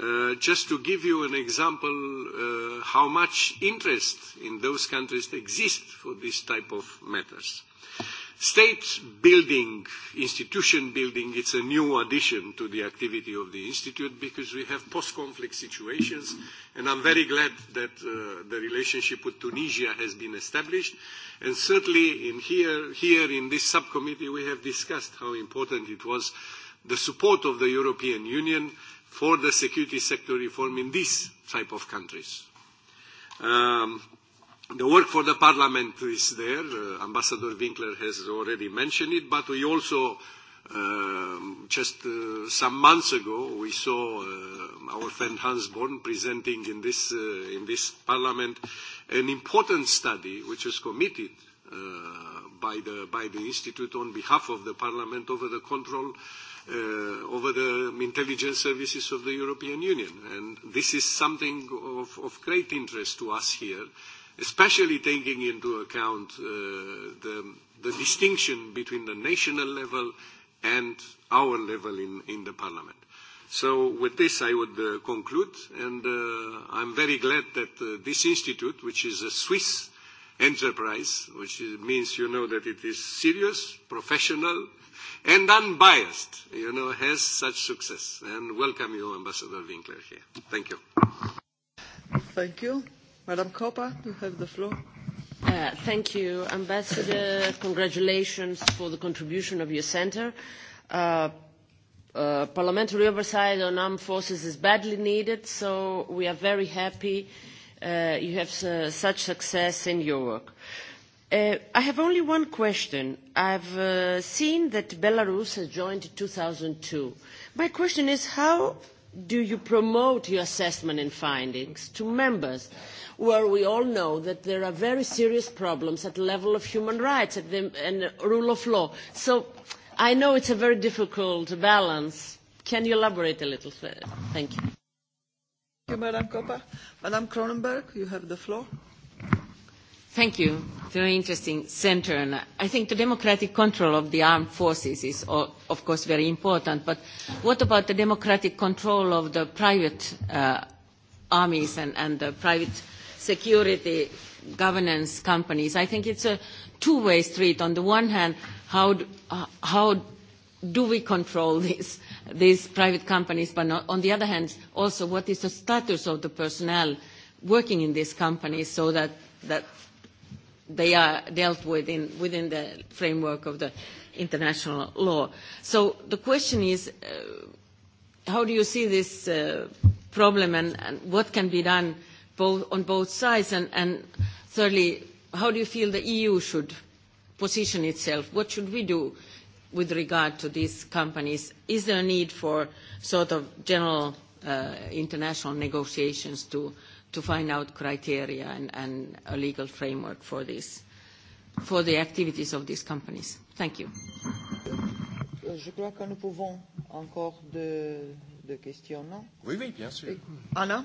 Uh, just to give you an example uh, how much interest in those countries exists for this type of matters. Uh, State building, institution building, it's a new addition to the activity of the Institute because we have post-conflict situations and I'm very glad that uh, the relationship with Tunisia has been established and certainly in here, here in this subcommittee we have discussed how important it was the support of the European Union for the security sector reform in these type of countries. Um, The work for the Parliament is there. Uh, Ambassador Winkler has already mentioned it, but we also, um, just uh, some months ago, we saw uh, our friend Hans Born presenting in this, uh, in this Parliament an important study which was committed uh, by, the, by the Institute on behalf of the Parliament over the control uh, over the intelligence services of the European Union. And this is something of, of great interest to us here. Uh, especially taking into account uh, the, the distinction between the national level and our level in, in the Parliament. So with this, I would uh, conclude, and uh, I'm very glad that uh, this institute, which is a Swiss enterprise, which is, means you know that it is serious, professional, and unbiased, you know, has such success. And welcome you, Ambassador Winkler, here. Thank you. Thank you. Madam Kopa, you have the floor. Uh, thank you, Ambassador. Congratulations for the contribution of your center. Uh, uh, parliamentary oversight on armed forces is badly needed, so we are very happy uh, you have uh, such success in your work. Uh, I have only one question. I've uh, seen that Belarus has joined in 2002. My question is how do you promote your assessment and findings to members where we all know that there are very serious problems at the level of human rights at the, and the rule of law? So I know it's a very difficult balance. Can you elaborate a little further? Thank you. Thank you, Madam Coppa. Madam Cronenberg, you have the floor. Thank you. Very interesting center. And I think the democratic control of the armed forces is, of course, very important. But what about the democratic control of the private uh, armies and, and the private security governance companies? I think it's a two-way street. On the one hand, how, uh, how do we control this, these private companies? But not, on the other hand, also, what is the status of the personnel working in these companies so that, that they are dealt with in, within the framework of the international law. So the question is, uh, how do you see this uh, problem and, and what can be done both, on both sides? And, and thirdly, how do you feel the EU should position itself? What should we do with regard to these companies? Is there a need for sort of general uh, international negotiations to uh, to find out criteria and, and a legal framework for this, for the activities of these companies. Thank you. Euh, je crois que nous pouvons encore deux, deux questions, non Oui, oui, bien sûr. Anna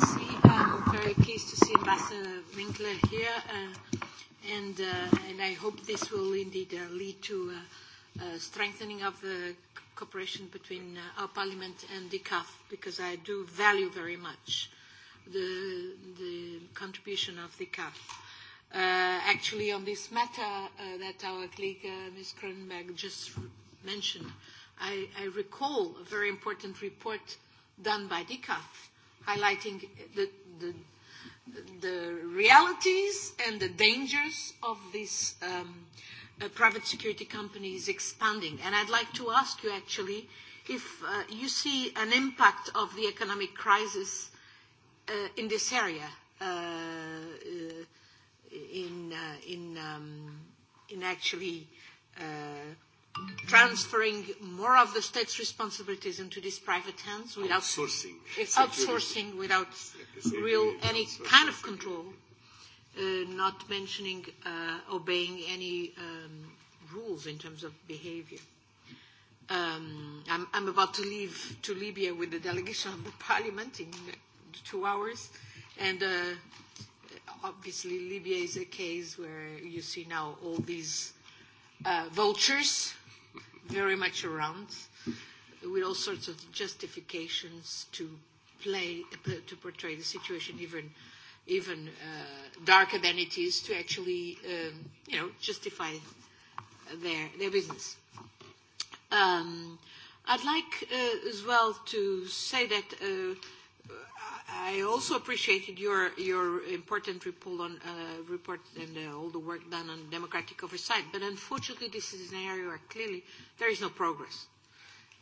See, I'm very pleased to see Ambassador Winkler here, uh, and, uh, and I hope this will indeed uh, lead to uh, uh, strengthening of the cooperation between uh, our parliament and the CAF because I do value very much the, the contribution of the CAF. Uh, actually, on this matter uh, that our colleague uh, Ms. Kronberg just mentioned, I, I recall a very important report done by DCAF highlighting the, the, the realities and the dangers of this um, uh, uh, private security company is expanding. And I'd like to ask you actually if uh, you see an impact of the economic crisis uh, in this area, uh, uh, in, uh, in, um, in actually uh, transferring more of the state's responsibilities into these private hands without outsourcing, outsourcing without real any kind of control. Security Uh, not mentioning uh, obeying any um, rules in terms of behavior. Um, I'm, I'm about to leave to Libya with the delegation of the parliament in two hours, and uh, obviously Libya is a case where you see now all these uh, vultures very much around with all sorts of justifications to play to portray the situation even uh, even uh, darker than it is to actually, um, you know, justify their, their business. Um, I'd like uh, as well to say that uh, I also appreciated your, your important report, on, uh, report and uh, all the work done on democratic oversight, but unfortunately this is an area where clearly there is no progress.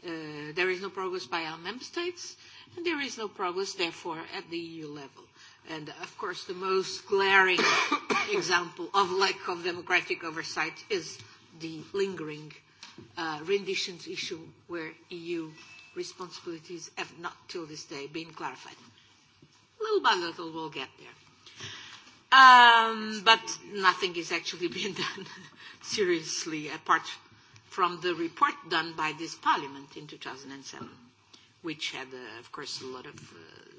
Uh, there is no progress by our member states, and there is no progress, therefore, at the EU level. And of course, the most glaring example of lack of democratic oversight is the lingering uh, renditions issue, where EU responsibilities have not till this day been clarified. Little by little, we'll get there. Um, but nothing is actually being done seriously apart from the report done by this parliament in 2007, which had, uh, of course, a lot of uh,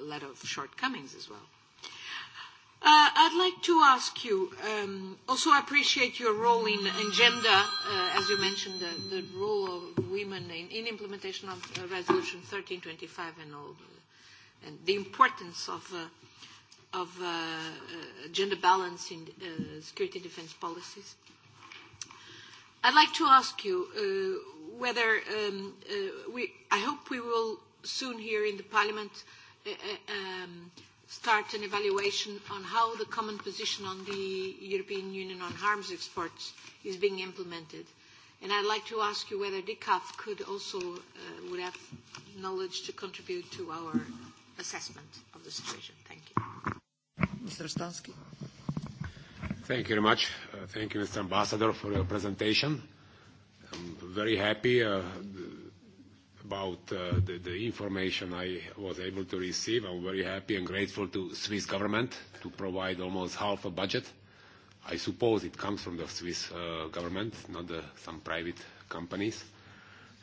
a lot of shortcomings as well. Uh, I'd like to ask you, um, also appreciate your role in, in gender, uh, as you mentioned, the, the role of women in, in implementation of uh, Resolution 1325 and all, uh, and the importance of, uh, of uh, uh, gender balance in uh, security and defense policies. I'd like to ask you uh, whether um, uh, we, I hope we will soon hear in the Parliament uh, Uh, um, start an evaluation on how the common position on the European Union on arms exports is being implemented. And I'd like to ask you whether DICAF could also, uh, would have knowledge to contribute to our assessment of the situation. Thank you. Mr. Stansky. Thank you very much. Uh, thank you, Mr. Ambassador, for your presentation. I'm very happy uh, about uh, the, the information I was able to receive. I'm very happy and grateful to Swiss government to provide almost half a budget. I suppose it comes from the Swiss uh, government, not the, some private companies.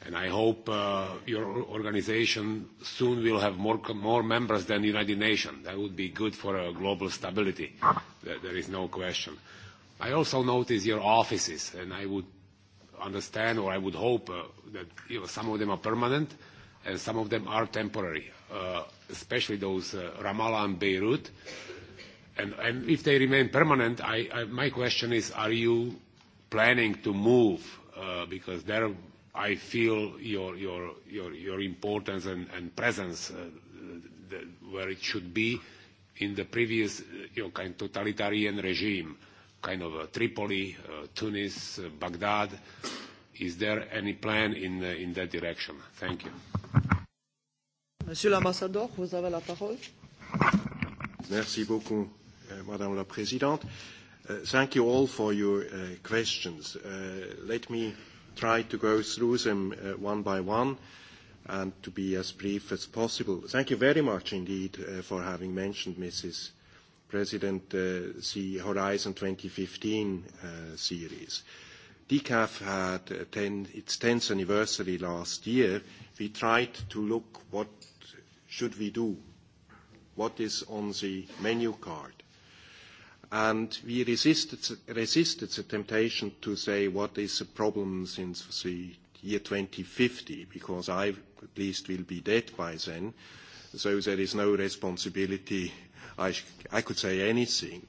And I hope uh, your organization soon will have more, more members than the United Nations. That would be good for uh, global stability. There, there is no question. I also notice your offices, and I would understand, or I would hope, uh, that you know, some of them are permanent and some of them are temporary, uh, especially those uh, Ramallah and Beirut. And, and if they remain permanent, I, I, my question is, are you planning to move? Uh, because there I feel your, your, your, your importance and, and presence uh, the, where it should be in the previous uh, you know, kind of totalitarian regime. Uh, kind of uh, Tripoli, uh, Tunis, uh, Baghdad. Is there any plan in, uh, in that direction? Thank you. Monsieur l'ambassadeur, vous avez la parole. Merci beaucoup, uh, Madame la Présidente. Uh, thank you all for your uh, questions. Uh, let me try to go through them uh, one by one and to be as brief as possible. Thank you very much indeed uh, for having mentioned Mrs. President, uh, the Horizon 2015 uh, series. DCAF had ten, its 10th anniversary last year. We tried to look what should we do, what is on the menu card. And we resisted, resisted the temptation to say what is the problem since the year 2050, because I at least will be dead by then, so there is no responsibility I, sh- I could say anything.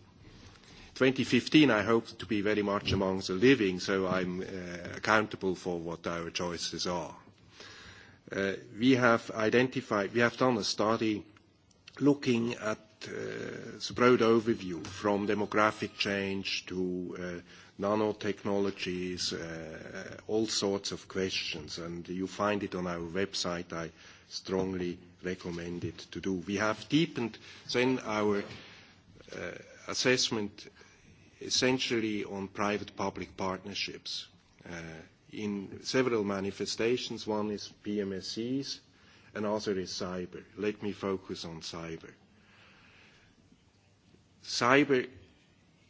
2015, I hope to be very much among the living, so I'm uh, accountable for what our choices are. Uh, we have identified, we have done a study looking at uh, the broad overview from demographic change to uh, nanotechnologies, uh, all sorts of questions, and you find it on our website. I strongly recommended to do. We have deepened then our uh, assessment essentially on private-public partnerships uh, in several manifestations. One is PMSEs, another is cyber. Let me focus on cyber. Cyber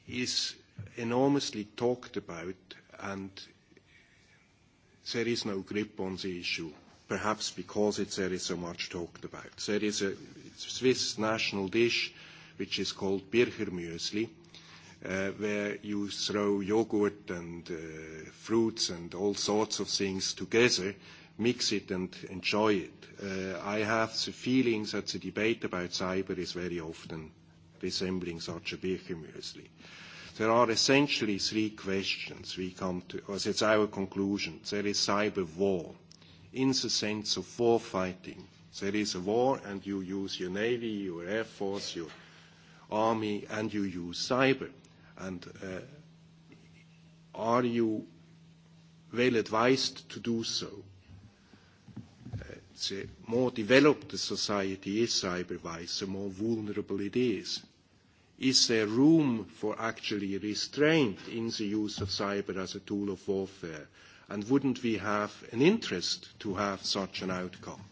is enormously talked about, and there is no grip on the issue perhaps because it's, there is so much talked about. There is a Swiss national dish which is called Birchermüsli, uh, where you throw yogurt and uh, fruits and all sorts of things together, mix it and enjoy it. Uh, I have the feeling that the debate about cyber is very often resembling such a Birchermüsli. There are essentially three questions we come to, or that's our conclusion. There is cyber war. Uh, in the sense of war fighting. There is a war and you use your navy, your air force, your army, and you use cyber. And uh, are you well advised to do so? Uh, the more developed the society is cyber-wise, the more vulnerable it is. Is there room for actually restraint in the use of cyber as a tool of warfare? Uh, And wouldn't we have an interest to have such an outcome?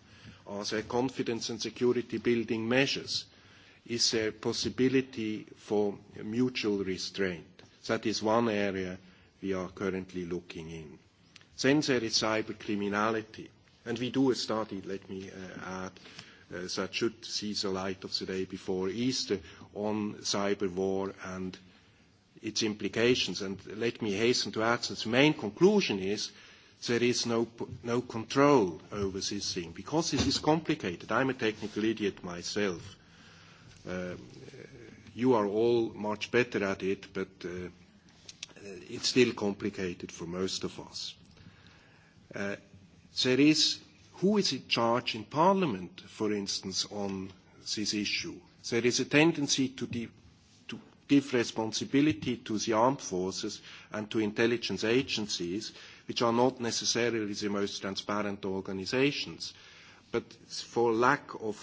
Are there confidence and security building measures? Is there possibility for mutual restraint? That is one area we are currently looking in. Then there is cybercriminality, and we do a study, let me uh, add, uh, that should see the light of the day before Easter on cyber war and its implications. And let me hasten to add that the main conclusion is there is no, no control over this thing because this is complicated. I'm a technical idiot myself. Uh, you are all much better at it, but uh, uh, it's still complicated for most of us. Uh, there is who is in charge in Parliament, for instance, on this issue. There is a tendency to, de- give responsibility to the armed forces and to intelligence agencies, which are not necessarily the most transparent organizations. But for lack of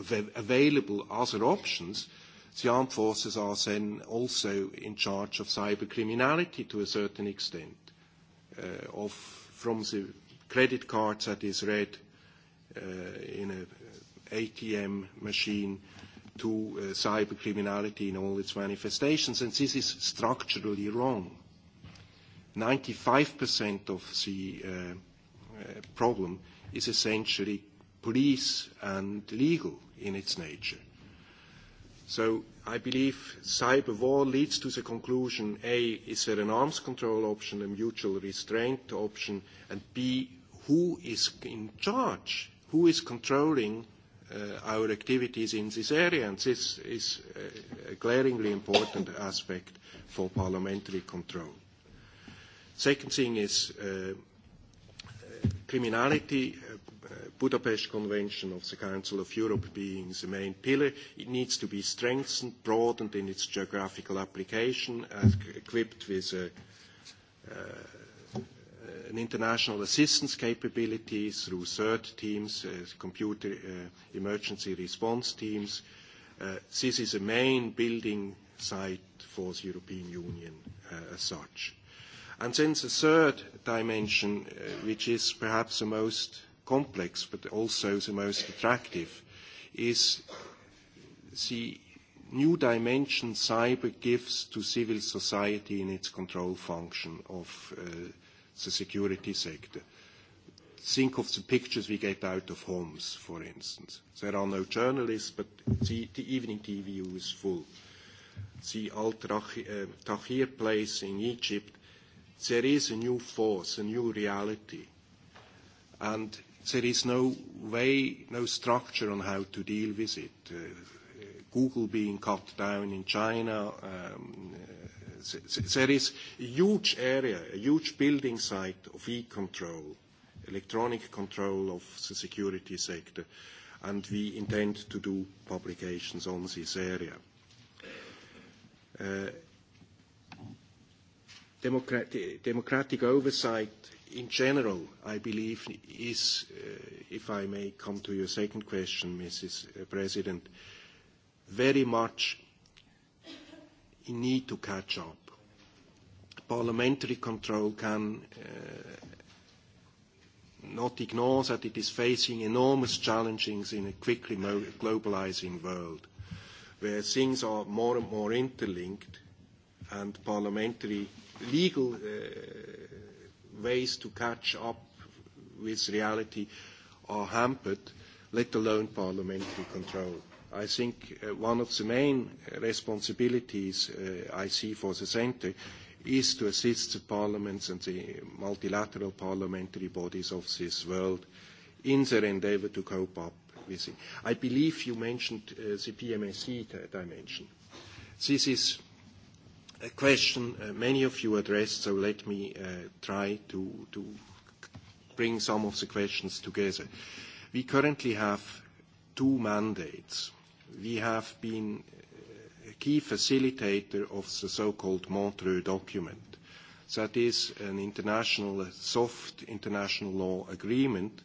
av available other options, the armed forces are then also in charge of cyber criminality to a certain extent, uh, of, from the credit cards that is read uh, in an ATM machine uh, to uh, cybercriminality in all its manifestations, and this is structurally wrong. 95% of the uh, uh, problem is essentially police and legal in its nature. So I believe cyber war leads to the conclusion, A, is there an arms control option, a mutual restraint option, and B, who is in charge? Who is controlling uh, our activities in this area, and this is a glaringly important aspect for parliamentary control. Second thing is uh, uh criminality. Uh, uh, Budapest Convention of the Council of Europe being the main pillar, it needs to be strengthened, broadened in its geographical application, and equipped with a, uh, an international assistance capability through third teams, uh, computer uh, emergency response teams. Uh, this is a main building site for the European Union uh, as such. And then the third dimension, uh, which is perhaps the most complex but also the most attractive, is the new dimension cyber gives to civil society in its control function of uh, the security sector. Think of the pictures we get out of homes, for instance. There are no journalists, but the, the evening TV is full. The Al-Tahrir uh, place in Egypt, there is a new force, a new reality. And there is no way, no structure on how to deal with it. Uh, Google being cut down in China, um, there is a huge area, a huge building site of e-control, electronic control of the security sector, and we intend to do publications on this area. Uh, democratic, democratic oversight in general, I believe, is, uh, if I may come to your second question, Mrs. Uh, President, very much need to catch up. Parliamentary control can uh, not ignore that it is facing enormous challenges in a quickly globalizing world, where things are more and more interlinked, and parliamentary legal uh, ways to catch up with reality are hampered, let alone parliamentary control. I think uh, one of the main uh, responsibilities uh, I see for the center is to assist the parliaments and the multilateral parliamentary bodies of this world in their endeavor to cope up with it. I believe you mentioned uh, the PMSE dimension. This is a question uh, many of you addressed, so let me uh, try to, to bring some of the questions together. We currently have two mandates we have been uh, a key facilitator of the so-called Montreux document. That is an international, a soft international law agreement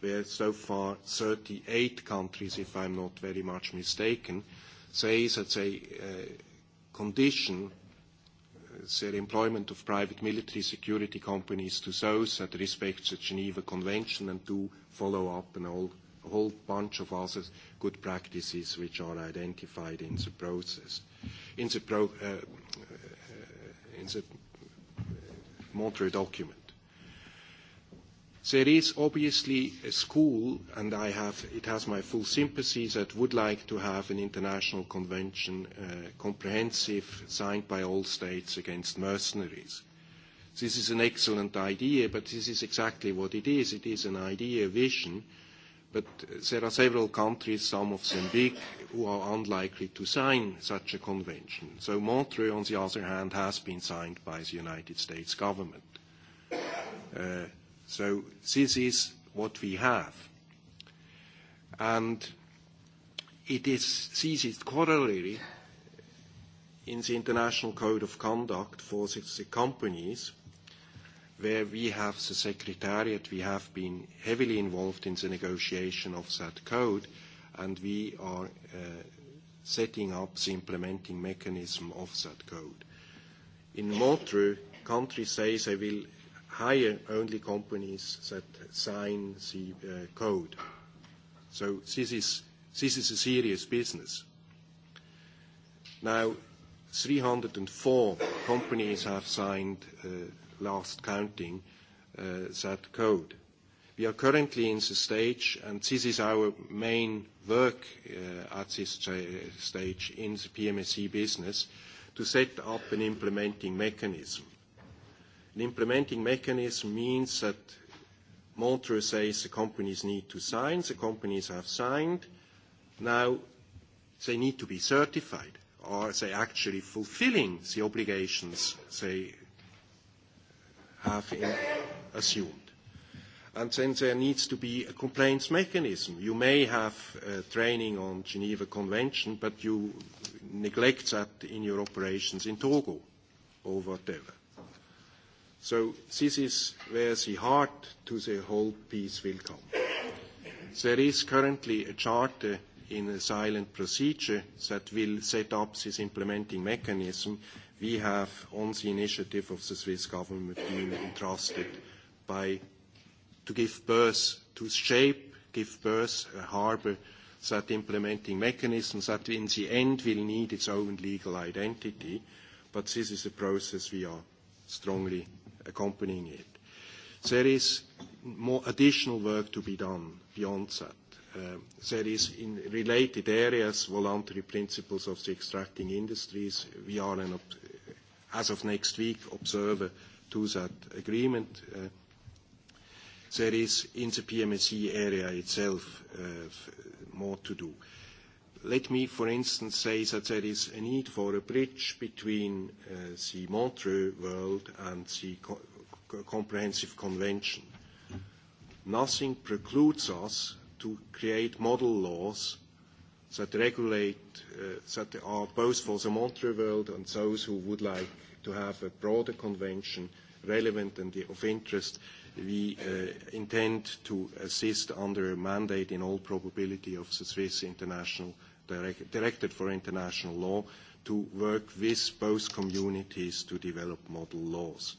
where so far 38 countries, if I'm not very much mistaken, say that they uh, condition uh, their employment of private military security companies to those that respect the Geneva Convention and do follow up and all a whole bunch of other good practices which are identified in the process. In the, pro, uh, uh in the Monterey document. There is obviously a school, and I have, it has my full sympathy, that would like to have an international convention, uh, comprehensive, signed by all states against mercenaries. This is an excellent idea, but this is exactly what it is. It is an idea, a vision, uh, but there are several countries, some of them big, who are unlikely to sign such a convention. So Montreux, on the other hand, has been signed by the United States government. Uh, so this is what we have. And it is this is corollary in the International Code of Conduct for the, the companies – where we have the Secretariat, we have been heavily involved in the negotiation of that code, and we are uh, setting up the implementing mechanism of that code. In Montreux, countries say they will hire only companies that sign the uh, code. So this is, this is a serious business. Now, 304 companies have signed uh, last counting uh, that code. We are currently in the stage, and this is our main work uh, at this stage in the PMSE business, to set up an implementing mechanism. An implementing mechanism means that Montreux says the companies need to sign, the companies have signed. Now, they need to be certified. Are they actually fulfilling the obligations they have assumed. And then there needs to be a complaints mechanism. You may have uh, training on Geneva Convention, but you neglect that in your operations in Togo or whatever. So this is where the heart to the whole piece will come. There is currently a charter in asylum procedure that will set up this implementing mechanism we have, on the initiative of the Swiss government, been entrusted by to give birth, to shape, give birth, a harbor, that implementing mechanism that in the end will need its own legal identity. But this is a process we are strongly accompanying it. There is more additional work to be done beyond that. Uh, there is in related areas, voluntary principles of the extracting industries. We are an, as of next week, observer to that agreement. Uh, there is, in the PMSE area itself, uh, more to do. Let me, for instance, say that there is a need for a bridge between uh, the Montreux world and the co comprehensive convention. Nothing precludes us to create model laws that regulate, uh, that are both for the Montreux world and those who would like to have a broader convention relevant and of interest. We uh, intend to assist under a mandate in all probability of the Swiss International Direct Directorate for International Law to work with both communities to develop model laws.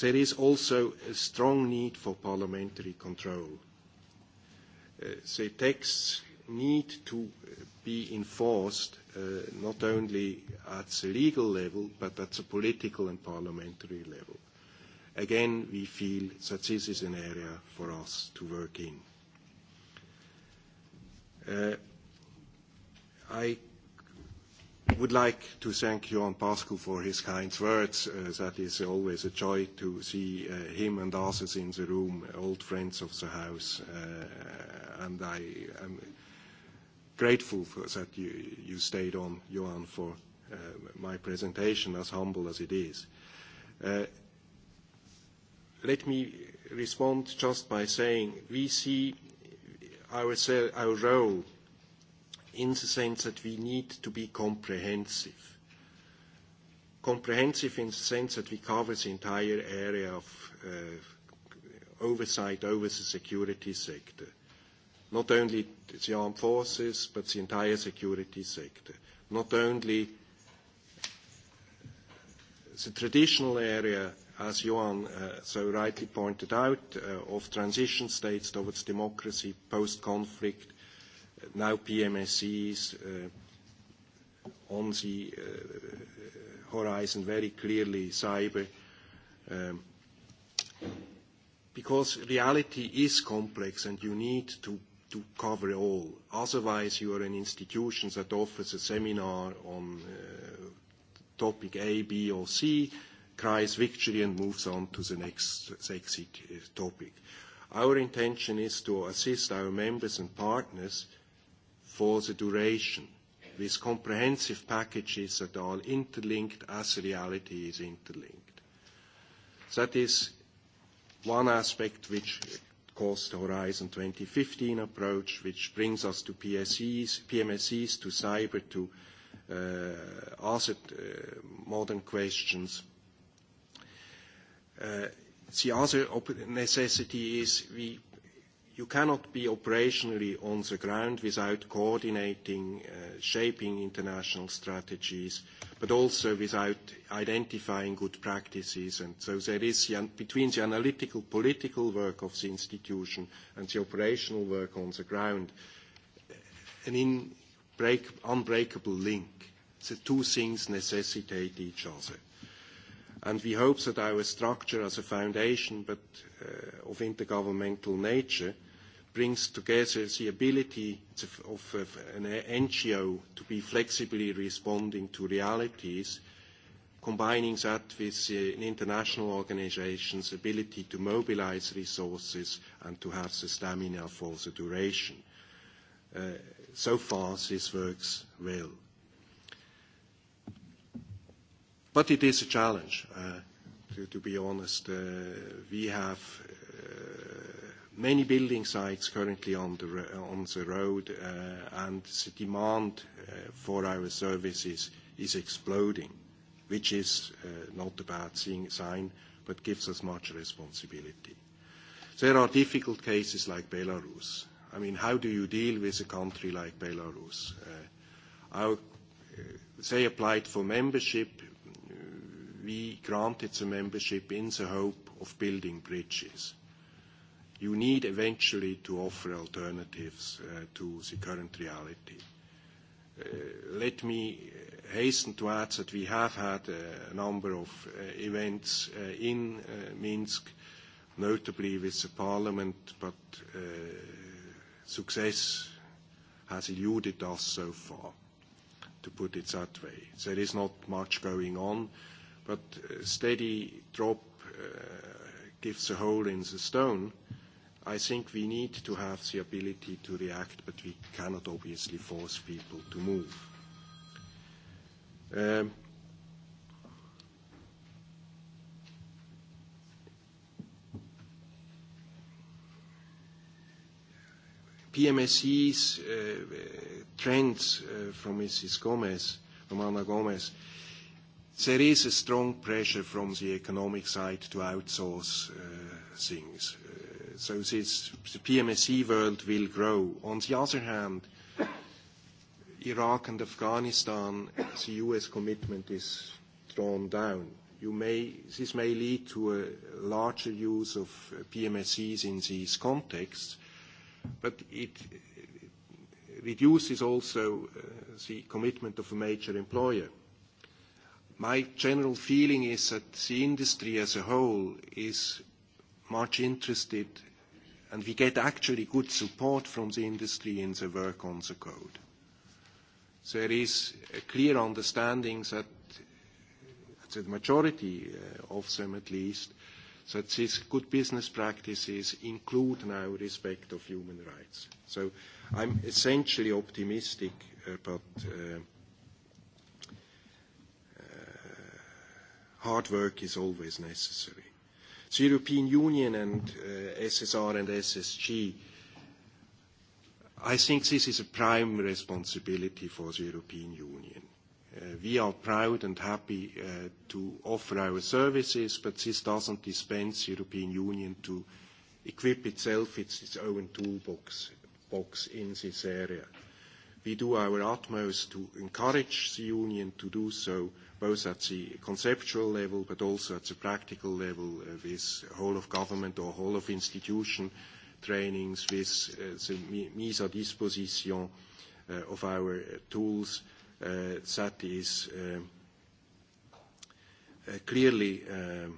There is also a strong need for parliamentary control. Uh, the texts need to be enforced uh, not only at the legal level, but at the political and parliamentary level. Again, we feel that this is an area for us to work in. Uh, I would like to thank Johan Pascu for his kind words. Uh, that is always a joy to see uh, him and others in the room, old friends of the house. Uh, and I am um, grateful for that you, you stayed on, Johan, for uh, my presentation, as humble as it is. Uh, let me respond just by saying we see our, our role in the sense that we need to be comprehensive. Comprehensive in the sense that we cover the entire area of uh, oversight over the security sector. Uh, not only the armed forces, but the entire security sector, not only the traditional area, as Johan uh, so rightly pointed out, uh, of transition states towards democracy, post-conflict, uh, now PMSEs, uh, on the uh, horizon, very clearly cyber. Um, because reality is complex, and you need to to cover all. Otherwise, you are an institution that offers a seminar on uh, topic A, B, or C, cries victory, and moves on to the next sexy uh, topic. Our intention is to assist our members and partners for the duration with comprehensive packages that are interlinked as reality is interlinked. That is one aspect which calls the Horizon 2015 approach, which brings us to PSEs, PMSEs, to cyber, to uh, asset uh, modern questions. Uh, the other necessity is we you cannot be operationally on the ground without coordinating, uh, shaping international strategies, but also without identifying good practices. And so there is the, between the analytical, political work of the institution and the operational work on the ground, uh, an in break, unbreakable link. The two things necessitate each other and we hope that our structure as a foundation, but uh, of intergovernmental nature, brings together the ability of, of an NGO to be flexibly responding to realities, combining that with uh, an international organization's ability to mobilize resources and to have the stamina for the duration. Uh, so far, this works well. But it is a challenge, uh, to, to be honest. Uh, we have uh, many building sites currently on the, on the road, uh, and the demand uh, for our services is exploding, which is not a bad thing, sign, but gives us much responsibility. There are difficult cases like Belarus. I mean, how do you deal with a country like Belarus? Uh, our, uh, they applied for membership we granted the membership in the hope of building bridges. You need eventually to offer alternatives uh, to the current reality. Uh, let me hasten to add that we have had uh, a number of uh, events uh, in uh, Minsk, notably with the parliament, but uh, success has eluded us so far, to put it that way. There is not much going on. Uh, but steady drop uh, gives a hole in the stone, I think we need to have the ability to react, but we cannot obviously force people to move. Um, PMSE's uh, trends uh, from Mrs. Gomez, from Ana Gomez, there is a strong pressure from the economic side to outsource uh, things. Uh, so this, the PMSE world will grow. On the other hand, Iraq and Afghanistan, the U.S. commitment is drawn down. You may, this may lead to a larger use of uh, PMSEs in these contexts, but it reduces also uh, the commitment of a major employer my general feeling is that the industry as a whole is much interested, and we get actually good support from the industry in the work on the code. There is a clear understanding that the majority uh, of them at least, that these good business practices include now respect of human rights. So I'm essentially optimistic about uh, hard work is always necessary. The European Union and uh, SSR and SSG, I think this is a prime responsibility for the European Union. Uh, we are proud and happy uh, to offer our services, but this doesn't dispense the European Union to equip itself its, its own toolbox box in this area. We do our utmost to encourage the Union to do so, both at the conceptual level but also at the practical level uh, with whole of government or whole of institution trainings, with uh, the mise à disposition uh, of our uh, tools. Uh, that is uh, uh, clearly uh,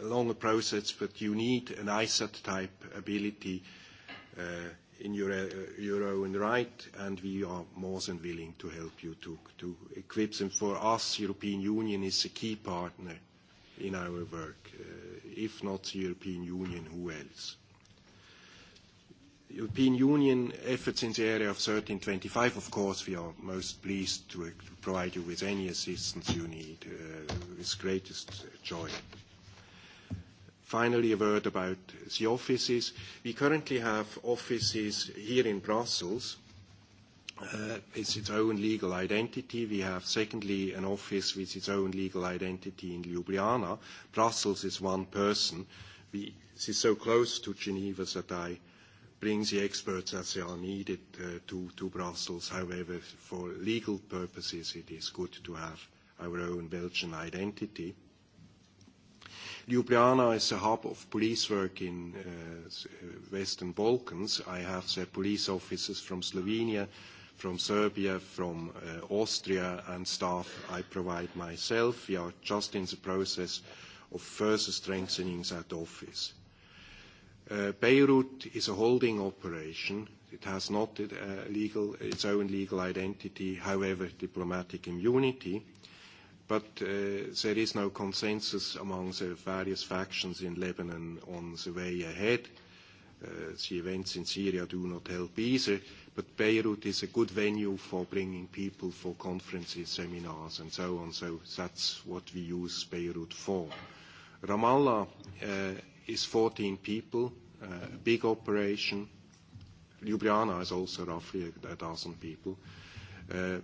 a longer process, but you need an ISAT type ability uh, in your, uh, your own right, and we are more than willing to help you to, to equip them. For us, European Union is a key partner in our work. Uh, if not the European Union, who else? European Union efforts in the area of 1325, of course, we are most pleased to, to provide you with any assistance you need, uh, with greatest joy. Uh, Finally, a word about the offices. We currently have offices here in Brussels. Uh, it's its own legal identity. We have, secondly, an office with its own legal identity in Ljubljana. Brussels is one person. We, this is so close to Geneva that I bring the experts as they are needed uh, to, to Brussels. However, for legal purposes, it is good to have our own Belgian identity. Uh, Ljubljana is the hub of police work in uh, uh, Western Balkans. I have the police officers from Slovenia, from Serbia, from uh, Austria, and staff I provide myself. We are just in the process of further strengthening that office. Uh, Beirut is a holding operation. It has not uh, legal, its own legal identity, however, diplomatic immunity. Uh, But uh, there is no consensus among the various factions in Lebanon on the way ahead. Uh, the events in Syria do not help either, but Beirut is a good venue for bringing people for conferences, seminars, and so on. So that's what we use Beirut for. Ramallah uh, is 14 people, uh, a big operation. Ljubljana is also roughly a, a dozen people. Uh,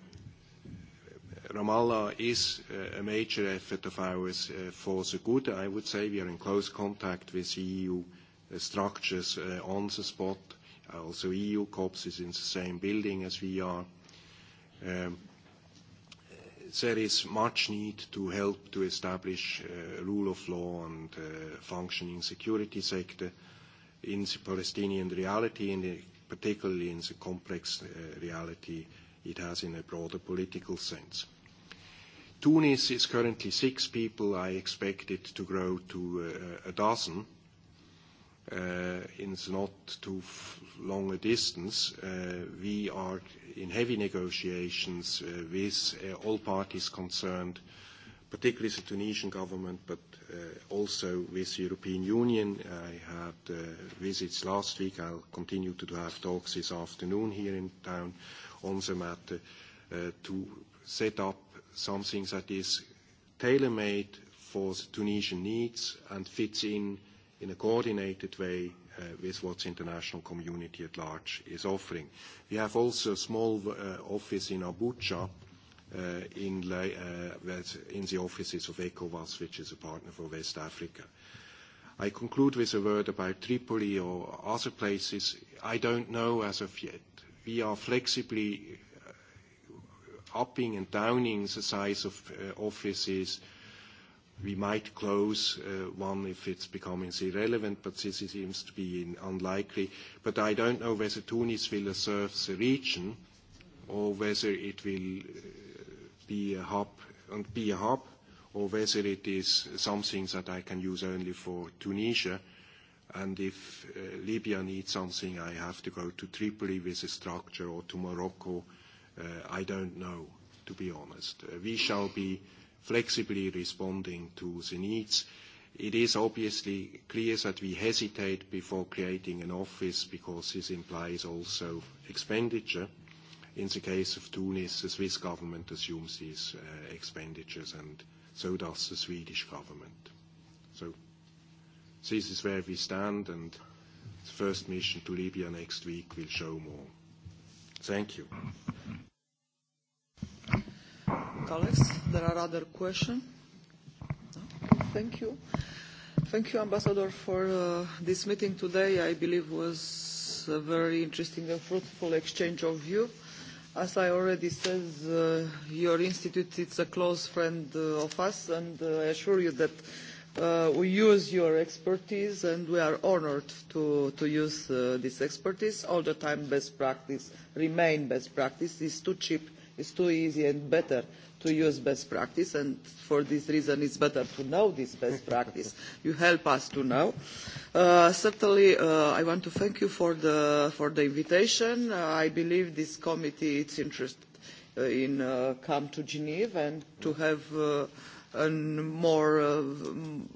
Ramallah is uh, a major effort of ours uh, for the good. I would say we are in close contact with EU uh, structures on the spot. Also, EU COPS is in the same building as we are. Um, there is much need to help to establish uh, rule of law and uh, functioning security sector in the Palestinian reality, and the, particularly in the complex uh, reality it has in a broader political sense. Tunis is currently six people. I expect it to grow to uh, a dozen uh, in not too long a distance. Uh, we are in heavy negotiations uh, with uh, all parties concerned, particularly the Tunisian government, but uh, also with the European Union. I had uh, visits last week. I'll continue to have talks this afternoon here in town on the matter uh, to set up something that is tailor-made for the Tunisian needs and fits in in a coordinated way uh, with what the international community at large is offering. We have also a small uh, office in Abuja, uh, in, uh, in the offices of ECOWAS, which is a partner for West Africa. I conclude with a word about Tripoli or other places. I don't know as of yet. We are flexibly upping and downing the size of uh, offices. We might close uh, one if it's becoming irrelevant, but this seems to be unlikely. But I don't know whether Tunis will serve the region or whether it will uh, be a hub, and uh, be a hub, or whether it is something that I can use only for Tunisia. And if uh, Libya needs something, I have to go to Tripoli with a structure or to Morocco Uh, I don't know, to be honest. Uh, we shall be flexibly responding to the needs. It is obviously clear that we hesitate before creating an office because this implies also expenditure. In the case of Tunis, the Swiss government assumes these uh, expenditures, and so does the Swedish government. So this is where we stand, and the first mission to Libya next week will show more. Thank you colleagues. There are other questions? No? Thank you. Thank you, Ambassador, for uh, this meeting today. I believe was a very interesting and fruitful exchange of view. As I already said, uh, your institute is a close friend uh, of us, and uh, I assure you that uh, we use your expertise, and we are honored to, to use uh, this expertise. All the time, best practice remain best practice. It's too cheap, it's too easy, and better uh, to use best practice, and for this reason it's better to know this best practice. you help us to know. Uh, certainly, uh, I want to thank you for the, for the invitation. Uh, I believe this committee is interested uh, in uh, come to Geneva and to mm. have uh, a more, uh,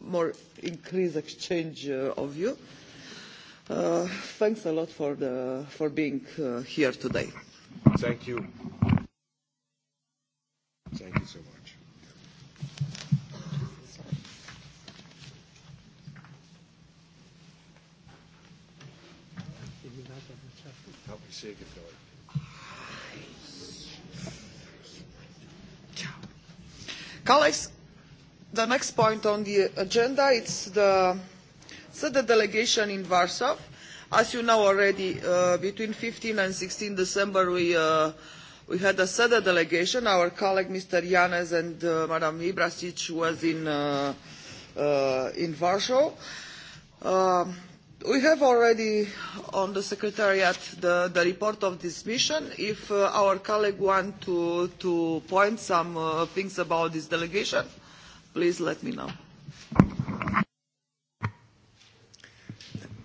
more increased exchange uh, of you. Uh, thanks a lot for, the, for being uh, here today. Thank you. Thank you so much. Help me see if you're going. Colleagues, the next point on the agenda is the SEDA delegation in Warsaw. As you know already, uh, between 15 and 16 December, we uh, We had a SEDA delegation. Our colleague, Mr. Yanes, and uh, Madam Ibrasic was in, uh, uh, in Warsaw. Um, we have already on the Secretariat the, the report of this mission. If uh, our colleague wants to, to point some uh, things about this delegation, please let me know.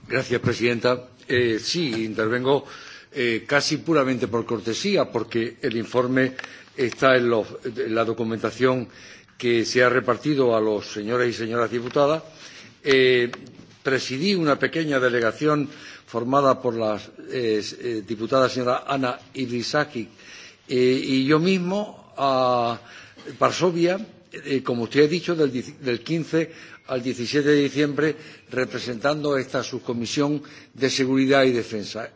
Gracias, Presidenta. Eh, sí, intervengo eh, casi puramente por cortesía, porque el informe está en, los, en la documentación que se ha repartido a los señores y señoras diputadas. Eh, presidí una pequeña delegación formada por la eh, eh, diputada señora Ana Ibrisaki eh, y yo mismo a Varsovia, eh, como usted ha dicho, del, del 15 al 17 de diciembre, representando esta subcomisión de seguridad y defensa.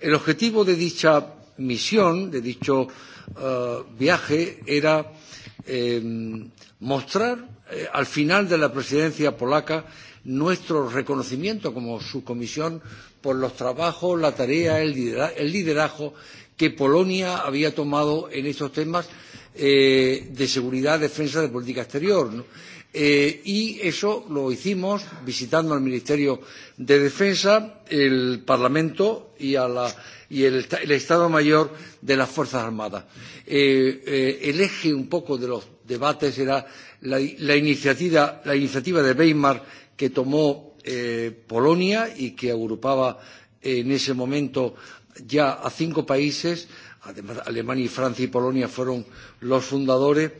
El objetivo de dicha misión, de dicho uh, viaje, era eh, mostrar eh, al final de la presidencia polaca nuestro reconocimiento como su comisión por los trabajos, la tarea, el, lidera el liderazgo que Polonia había tomado en estos temas eh, de seguridad, defensa, de política exterior. ¿no? Eh, Eh, y eso lo hicimos visitando al Ministerio de Defensa, el Parlamento y, a la, y el, el Estado Mayor de las Fuerzas Armadas. Eh, eh, el eje un poco de los debates era la, la, iniciativa, la iniciativa de Weimar que tomó eh, Polonia y que agrupaba eh, en ese momento ya a cinco países, además Alemania, Francia y Polonia fueron los fundadores. Eh,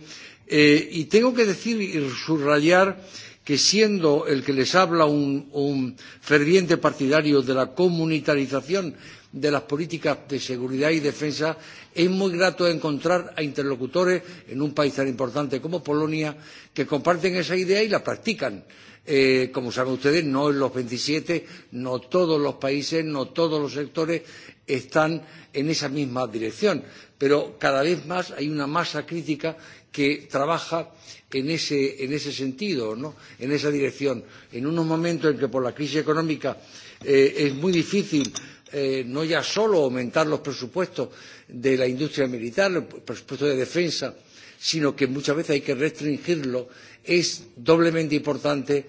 Eh, y tengo que decir y subrayar que siendo el que les habla un, un ferviente partidario de la comunitarización de las políticas de seguridad y defensa, es muy grato encontrar a interlocutores en un país tan importante como Polonia que comparten esa idea y la practican. Eh, como saben ustedes, no en los 27, no todos los países, no todos los sectores están en esa misma dirección, pero cada vez más hay una masa crítica que trabaja en ese, en ese sentido, ¿no? en esa dirección. En unos momentos en que por la crisis económica eh, es muy difícil eh, no ya solo aumentar los presupuestos de la industria militar, los presupuestos de defensa, sino que muchas veces hay que restringirlo, es doblemente importante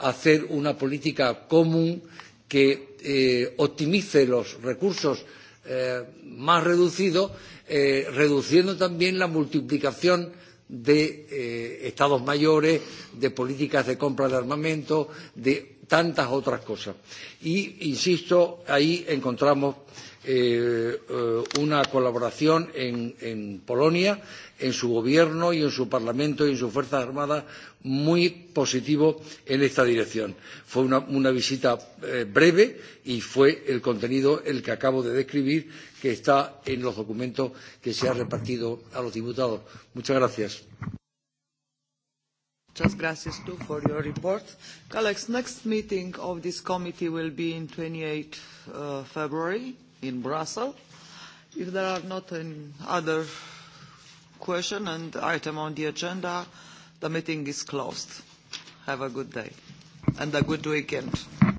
hacer una política común que eh, optimice los recursos eh, más reducidos, eh, reduciendo también la multiplicación de eh, estados mayores, de políticas de compra de armamento, de tantas otras cosas. Y, insisto, ahí encontramos eh, eh, una colaboración en, en Polonia, eh, en su gobierno y en su parlamento y en sus fuerzas armadas muy positivo en esta dirección. Fue una, una visita eh, breve y fue el contenido el que acabo de describir que está en los documentos que se ha repartido a los diputados. Muchas gracias. Muchas gracias too for your report. Colleagues, next meeting of this committee will be in 28 uh, February in Brussels. If there are not any other question and item on the agenda. The meeting is closed. Have a good day and a good weekend.